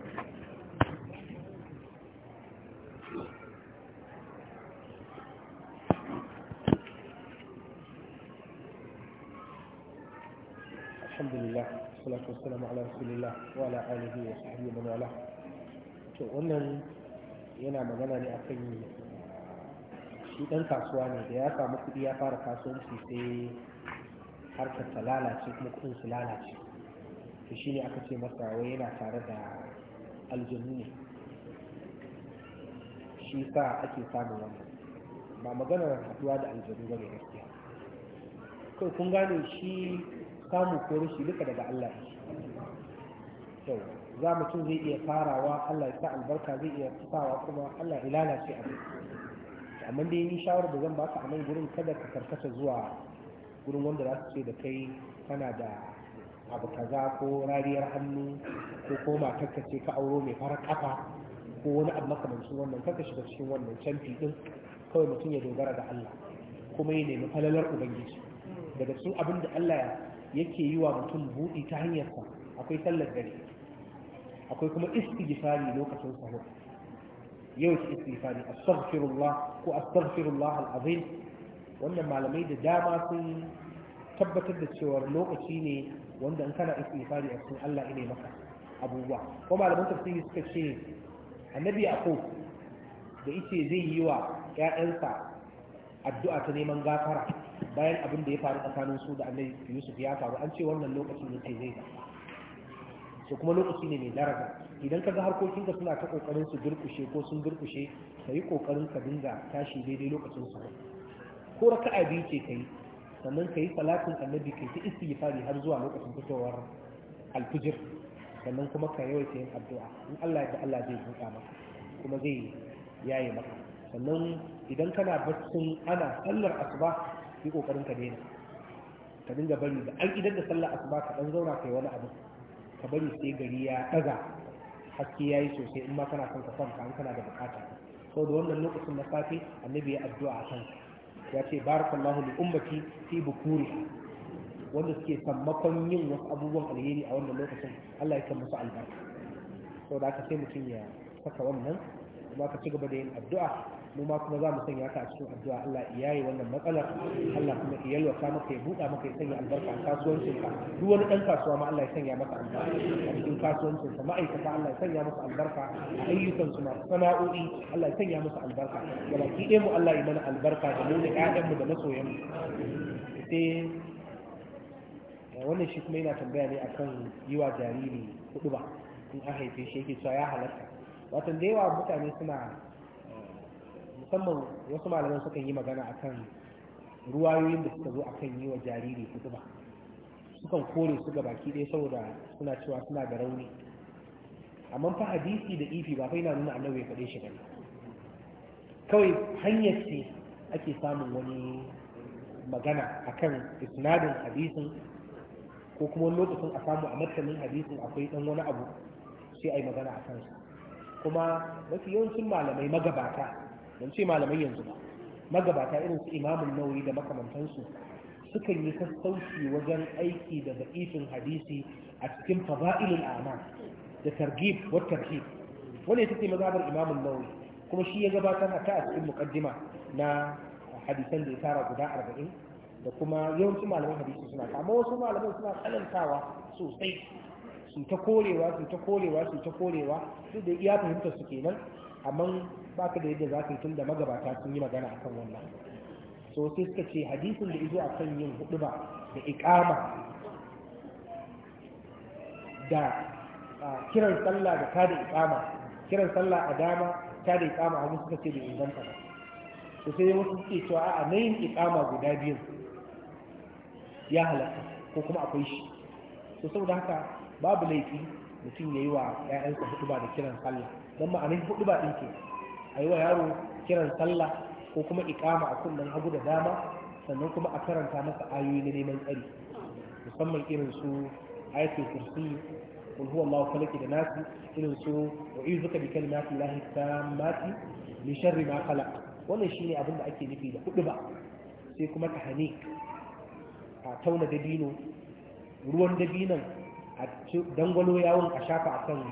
الحمد لله والصلاة والسلام على رسول الله وعلى آله وصحبه ومن والاه to wannan yana magana ne akan shi ɗan kasuwa ne da ya samu kuɗi ya fara kasuwanci sai harkar ta lalace kuma kuɗin su lalace to shine aka ce masa wai yana tare da aljannu ne shi sa ake samun wannan ba maganar haɗuwa da aljanu ba ne gaskiya kai kun gane shi samu ko rashi duka daga Allah ne za mutum zai iya farawa Allah ya sa albarka zai iya tsawa kuma Allah ya lalace abu amma dai ni shawar da zan baka a nan gurin kada ka karkata zuwa gurin wanda za su ce da kai kana da abu kaza ko rariyar hannu ko ko matarka ce ka auro mai fara kafa ko wani abu makamancin wannan kaka shiga cikin wannan canfi din kawai mutum ya dogara da Allah kuma ya nemi falalar ubangiji daga cikin abin da Allah ya yake yi wa mutum buɗi ta hanyar sa akwai sallar dare akwai kuma istighfari lokacin sahur yau ki istighfari astaghfirullah ko astaghfirullah al wannan malamai da dama sun tabbatar da cewa lokaci ne wanda in kana istighfari a cikin Allah ne maka abubuwa ko malaman tafsiri suka ce annabi yaqub da yace zai yi wa ƴaƴansa addu'a ta neman gafara bayan abin da ya faru tsakanin su da annabi yusuf ya faru an ce wannan lokacin ne ce zai so kuma lokaci ne mai daraja idan ka ga harkokin ka suna ta kokarin su durkushe ko sun durkushe ka yi kokarin ka dinga tashi daidai lokacin su ko raka'a biyu ce kai sannan ka yi salatin annabi kai ta istighfari har zuwa lokacin fitowar alfijir sannan kuma ka yawaita yin addu'a in Allah da Allah zai buka maka kuma zai yaye maka sannan idan kana baccin ana sallar asuba yi kokarin ka daina ka dinga bari da an idan da sallah asuba ka dan zauna kai wani abu ka bari sai gari ya daga haske yayi sosai in ma kana son ka kwanta an kana da bukata da wannan lokacin na safe annabi ya addu'a a kansa ya ce barakallahu li ummati fi bukuri wanda suke sammakon yin wasu abubuwan alheri a wannan lokacin Allah ya kan musu albarka saboda haka sai mutum ya saka wannan kuma ka ci gaba da yin addu'a mu ma kuma za mu sanya ka a cikin addu'a Allah ya yi wannan matsalar Allah kuma ya yalwata maka ya buɗa maka ya sanya albarka a ka duk wani ɗan kasuwa ma Allah ya sanya maka albarka a cikin kasuwancinsa ma'aikata Allah ya sanya maka albarka a ayyukansu masu sana'o'i Allah ya sanya maka albarka baki ɗaya mu Allah ya mana albarka da mu da mu da mu sai wannan shi kuma yana tambaya ne akan yi wa jariri huɗu ba in an haife shi yake cewa ya halatta watan da yawa mutane suna musamman wasu malaman suka yi magana akan ruwayoyin da suka zo akan yi wa jariri kutuba sukan kore su ga baki ɗaya saboda suna cewa suna da rauni amma fa hadisi da ifi ba fai na nuna annabi ya faɗe shi bane kawai hanyar ce ake samun wani magana akan isnadin hadisin ko kuma lokacin a samu a martanin hadisin akwai ɗan wani abu sai a yi magana a kansa kuma mafi yawancin malamai magabata ban ce malamai yanzu ba magabata irin su imamun nauyi da makamantansu sukan yi sassauci wajen aiki da da'ifin hadisi a cikin fada'ilul amal da targhib wa tarhib wanda yake mazhabar imamun nauyi kuma shi ya gabatar a ta a cikin mukaddima na hadisan da ya tara guda arba'in, da kuma yawancin malaman hadisi suna ta amma wasu malaman suna tsanantawa sosai su ta korewa su ta korewa su ta korewa duk da iya fahimtar su kenan amma Ba ka da yadda za ka yi tun da magabata sun yi magana a kan wannan so sai suka ce hadisin da izo akan yin ba da ikama da kiran sallah da da ikama kiran sallah a dama da ikama a musu ce da inganta ba to sai wasu suke cewa a yin ikama guda biyun ya halatta ko kuma akwai shi to saboda haka babu laifi mutum ya yi wa 'ya'yansa hudu ba da kiran sallah don ma'anin hudu ba ɗin ke a yi wa yaro kiran sallah ko kuma ikama a kunnen hagu da dama sannan kuma a karanta masa ayoyi na neman tsari musamman irin su ayatul kursi kul huwa Allahu falaki da nasi irin su u'izuka bi kalimati llahi tammati min sharri ma khalaq wannan shine abin da ake nufi da hudu ba sai kuma tahani a tauna dabino ruwan dabinon a dangwalo yawon a shafa a kan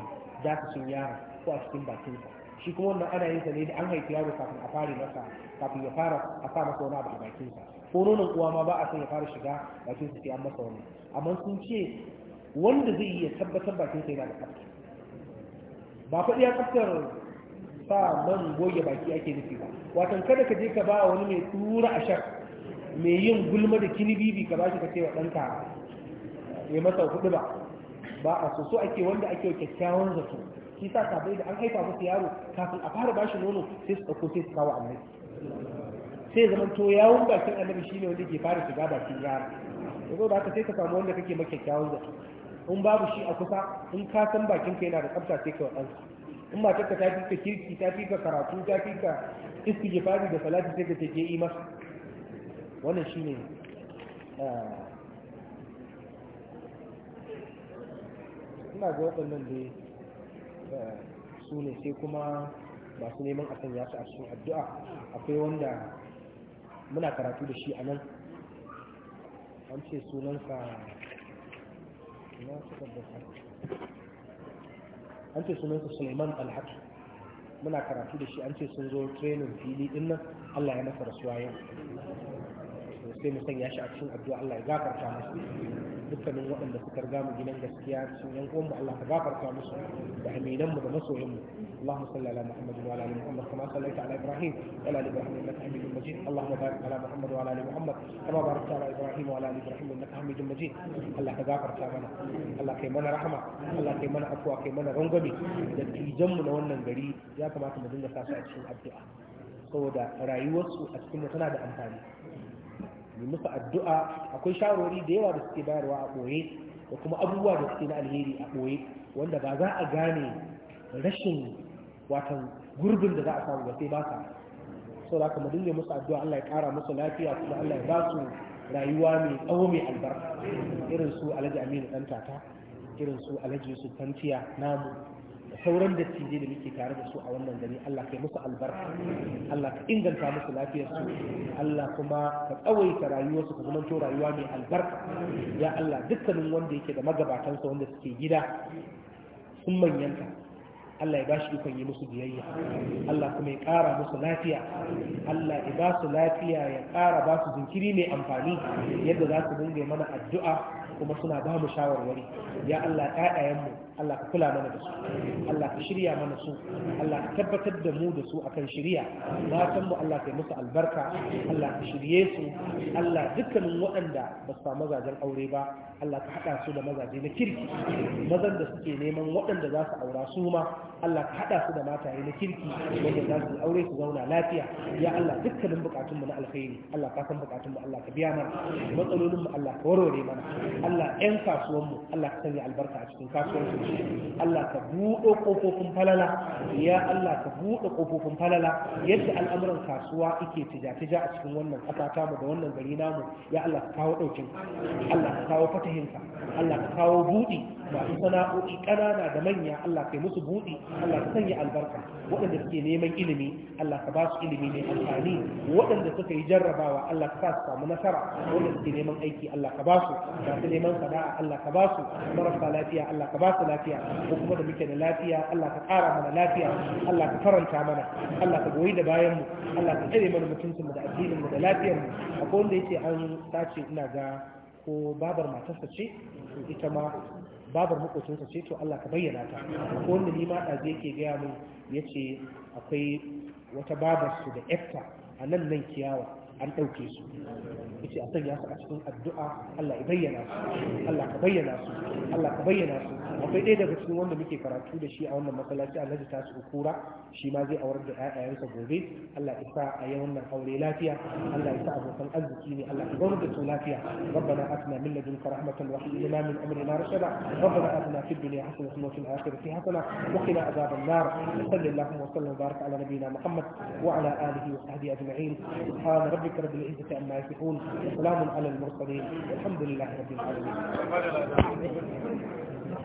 dakacin yara, ko a cikin bakinsa shi kuma wannan ana yin sa ne da an haifi yaro kafin a fara masa kafin ya fara a sa masa wani abu a bakin sa ko nonon uwa ma ba a son ya fara shiga bakin sa sai an masa wani amma sun ce wanda zai iya tabbatar bakin sa yana da tsafta ba faɗi iya tsaftar sa man goge baki ake nufi ba watan kada ka je ka ba wani mai tura a shak mai yin gulma da bibi ka ba shi ka ce wa ɗanka ya masa hudu ba ba a so so ake wanda ake kyakkyawan zato shi sa sabai da an haifa musu yaro kafin a fara bashi nono sai su ɗauko sai su kawo annabi sai zama to yawon bakin annabi shine wanda ke fara shiga bakin yaro yanzu da ka sai ka samu wanda kake maka kyakkyawan zato in babu shi a kusa in ka san bakin ka yana da tsafta sai ka wadansa in ma ka ta fi ka kirki ta fi ka karatu ta fi ka ke fari da salati sai ka take yi masa wannan shine eh, ina ga waɗannan da su ne sai kuma masu neman a sanya su a cikin addu'a akwai wanda muna karatu da shi a nan an ce sunansa an ce sunansa suleiman alhaki muna karatu da shi an ce sun zo trenin fili din nan allah ya masa rasuwa yau sai mu sanya shi a cikin addu'a allah ya gafarta masu dukkanin waɗanda suka riga mu gidan gaskiya sun yan uwan mu Allah ka gafarta musu da aminan mu da masoyan mu Allahumma salli ala Muhammad wa ala ali Muhammad kama sallaita ala Ibrahim wa ala ali Ibrahim innaka Hamidum Majid Allahumma barik ala Muhammad wa ala ali Muhammad kama barakta ala Ibrahim wa ala ali Ibrahim innaka Hamidum Majid Allah ka gafarta mana Allah kai mana rahama Allah kai mana afwa kai mana rangwame da tijan mu na wannan gari ya kamata mu dinga sa su a cikin addu'a saboda rayuwarsu a cikin tana da amfani mai musu addu'a akwai shawarwari da yawa da suke bayarwa a ɓoye da kuma abubuwa da suke na alheri a ɓoye wanda ba za a gane rashin watan gurbin da za a samu ba sai ba ka so da dinga musu addu'a Allah ya kara musu lafiya kuma Allah ya ba su rayuwa mai tsawo mai albarka irin su Alhaji Aminu ɗan tata irin su Alhaji Yusuf Tantiya namu sauran dattijai da muke tare da su a wannan gari Allah kai musu albarka Allah ka inganta musu lafiyarsu Allah kuma ka tsawaita rayuwarsu ka zamanto rayuwa mai albarka ya Allah dukkanin wanda yake da magabatansa wanda suke gida sun manyanta Allah ya ba shi ikon yi musu biyayya Allah kuma ya ƙara musu lafiya Allah ya ba su lafiya ya ƙara ba su jinkiri mai amfani yadda za su dinga mana addu'a kuma suna ba mu shawarwari ya Allah mu Allah ka kula mana da su Allah ka shirya mana su Allah ka tabbatar da mu da su akan shirya matan mu Allah ka yi musu albarka Allah ka shirye su Allah dukkanin waɗanda ba su samu mazajen aure ba Allah ka haɗa su da mazaje na kirki mazan da suke neman waɗanda za su aura su ma Allah ka haɗa su da mataye na kirki wanda za su aure su zauna lafiya ya Allah dukkanin bukatun mu na alkhairi Allah ka san bukatun mu Allah ka biya mana matsalolin mu Allah ka warware mana Allah ƴan kasuwan mu Allah ka sanya albarka a cikin su. Allah ka buɗe ƙofofin falala ya Allah ka buɗe ƙofofin falala yadda al'amuran kasuwa ke tija-tija a cikin wannan ƙasa tamu da wannan gari namu ya Allah ka kawo ɗaukin Allah ka kawo fatahinka Allah ka kawo buɗi masu sana'o'i ƙanana da manya Allah kai musu buɗi Allah ka sanya albarka waɗanda suke neman ilimi Allah ka ba su ilimi mai amfani waɗanda suka yi jarrabawa Allah ka sa su samu nasara waɗanda suke neman aiki Allah ka ba su masu neman sana'a Allah ka ba su marasa lafiya Allah ka ba su lafiya ko kuma da muke da lafiya Allah ka ƙara mana lafiya Allah ka faranta mana Allah ka goyi da bayanmu, Allah ka tsare mana mutuncin mu da addinin mu da lafiyar mu akwai wanda yace an sace ina ga ko babar matarsa ce ita ma babar makocinsa ce to Allah ka bayyana ta ko wanda ni ma ɗazu yake gaya min ya ce akwai wata babar su da efta a nan nan kiyawa an ɗauke su yace a sanya su a cikin addu'a Allah ya bayyana su Allah ka bayyana su Allah ka bayyana su akwai ɗaya daga cikin wanda muke karatu da shi a wannan masallaci Alhaji Tasu Ukura shi ma zai aurar da ƴaƴayensa gobe Allah ya sa a yi wannan aure lafiya Allah ya sa abokan arziki ne Allah ya bar da su lafiya ربنا آتنا من لدنك رحمة وهب لنا من أمرنا رشدا ربنا آتنا في الدنيا حسنة وفي الآخرة حسنة وقنا عذاب النار صلى اللهم وسلم وبارك على نبينا محمد وعلى آله وصحبه أجمعين سبحان ربك ذلك رب العزة عما يصفون سلام على المرسلين والحمد لله رب العالمين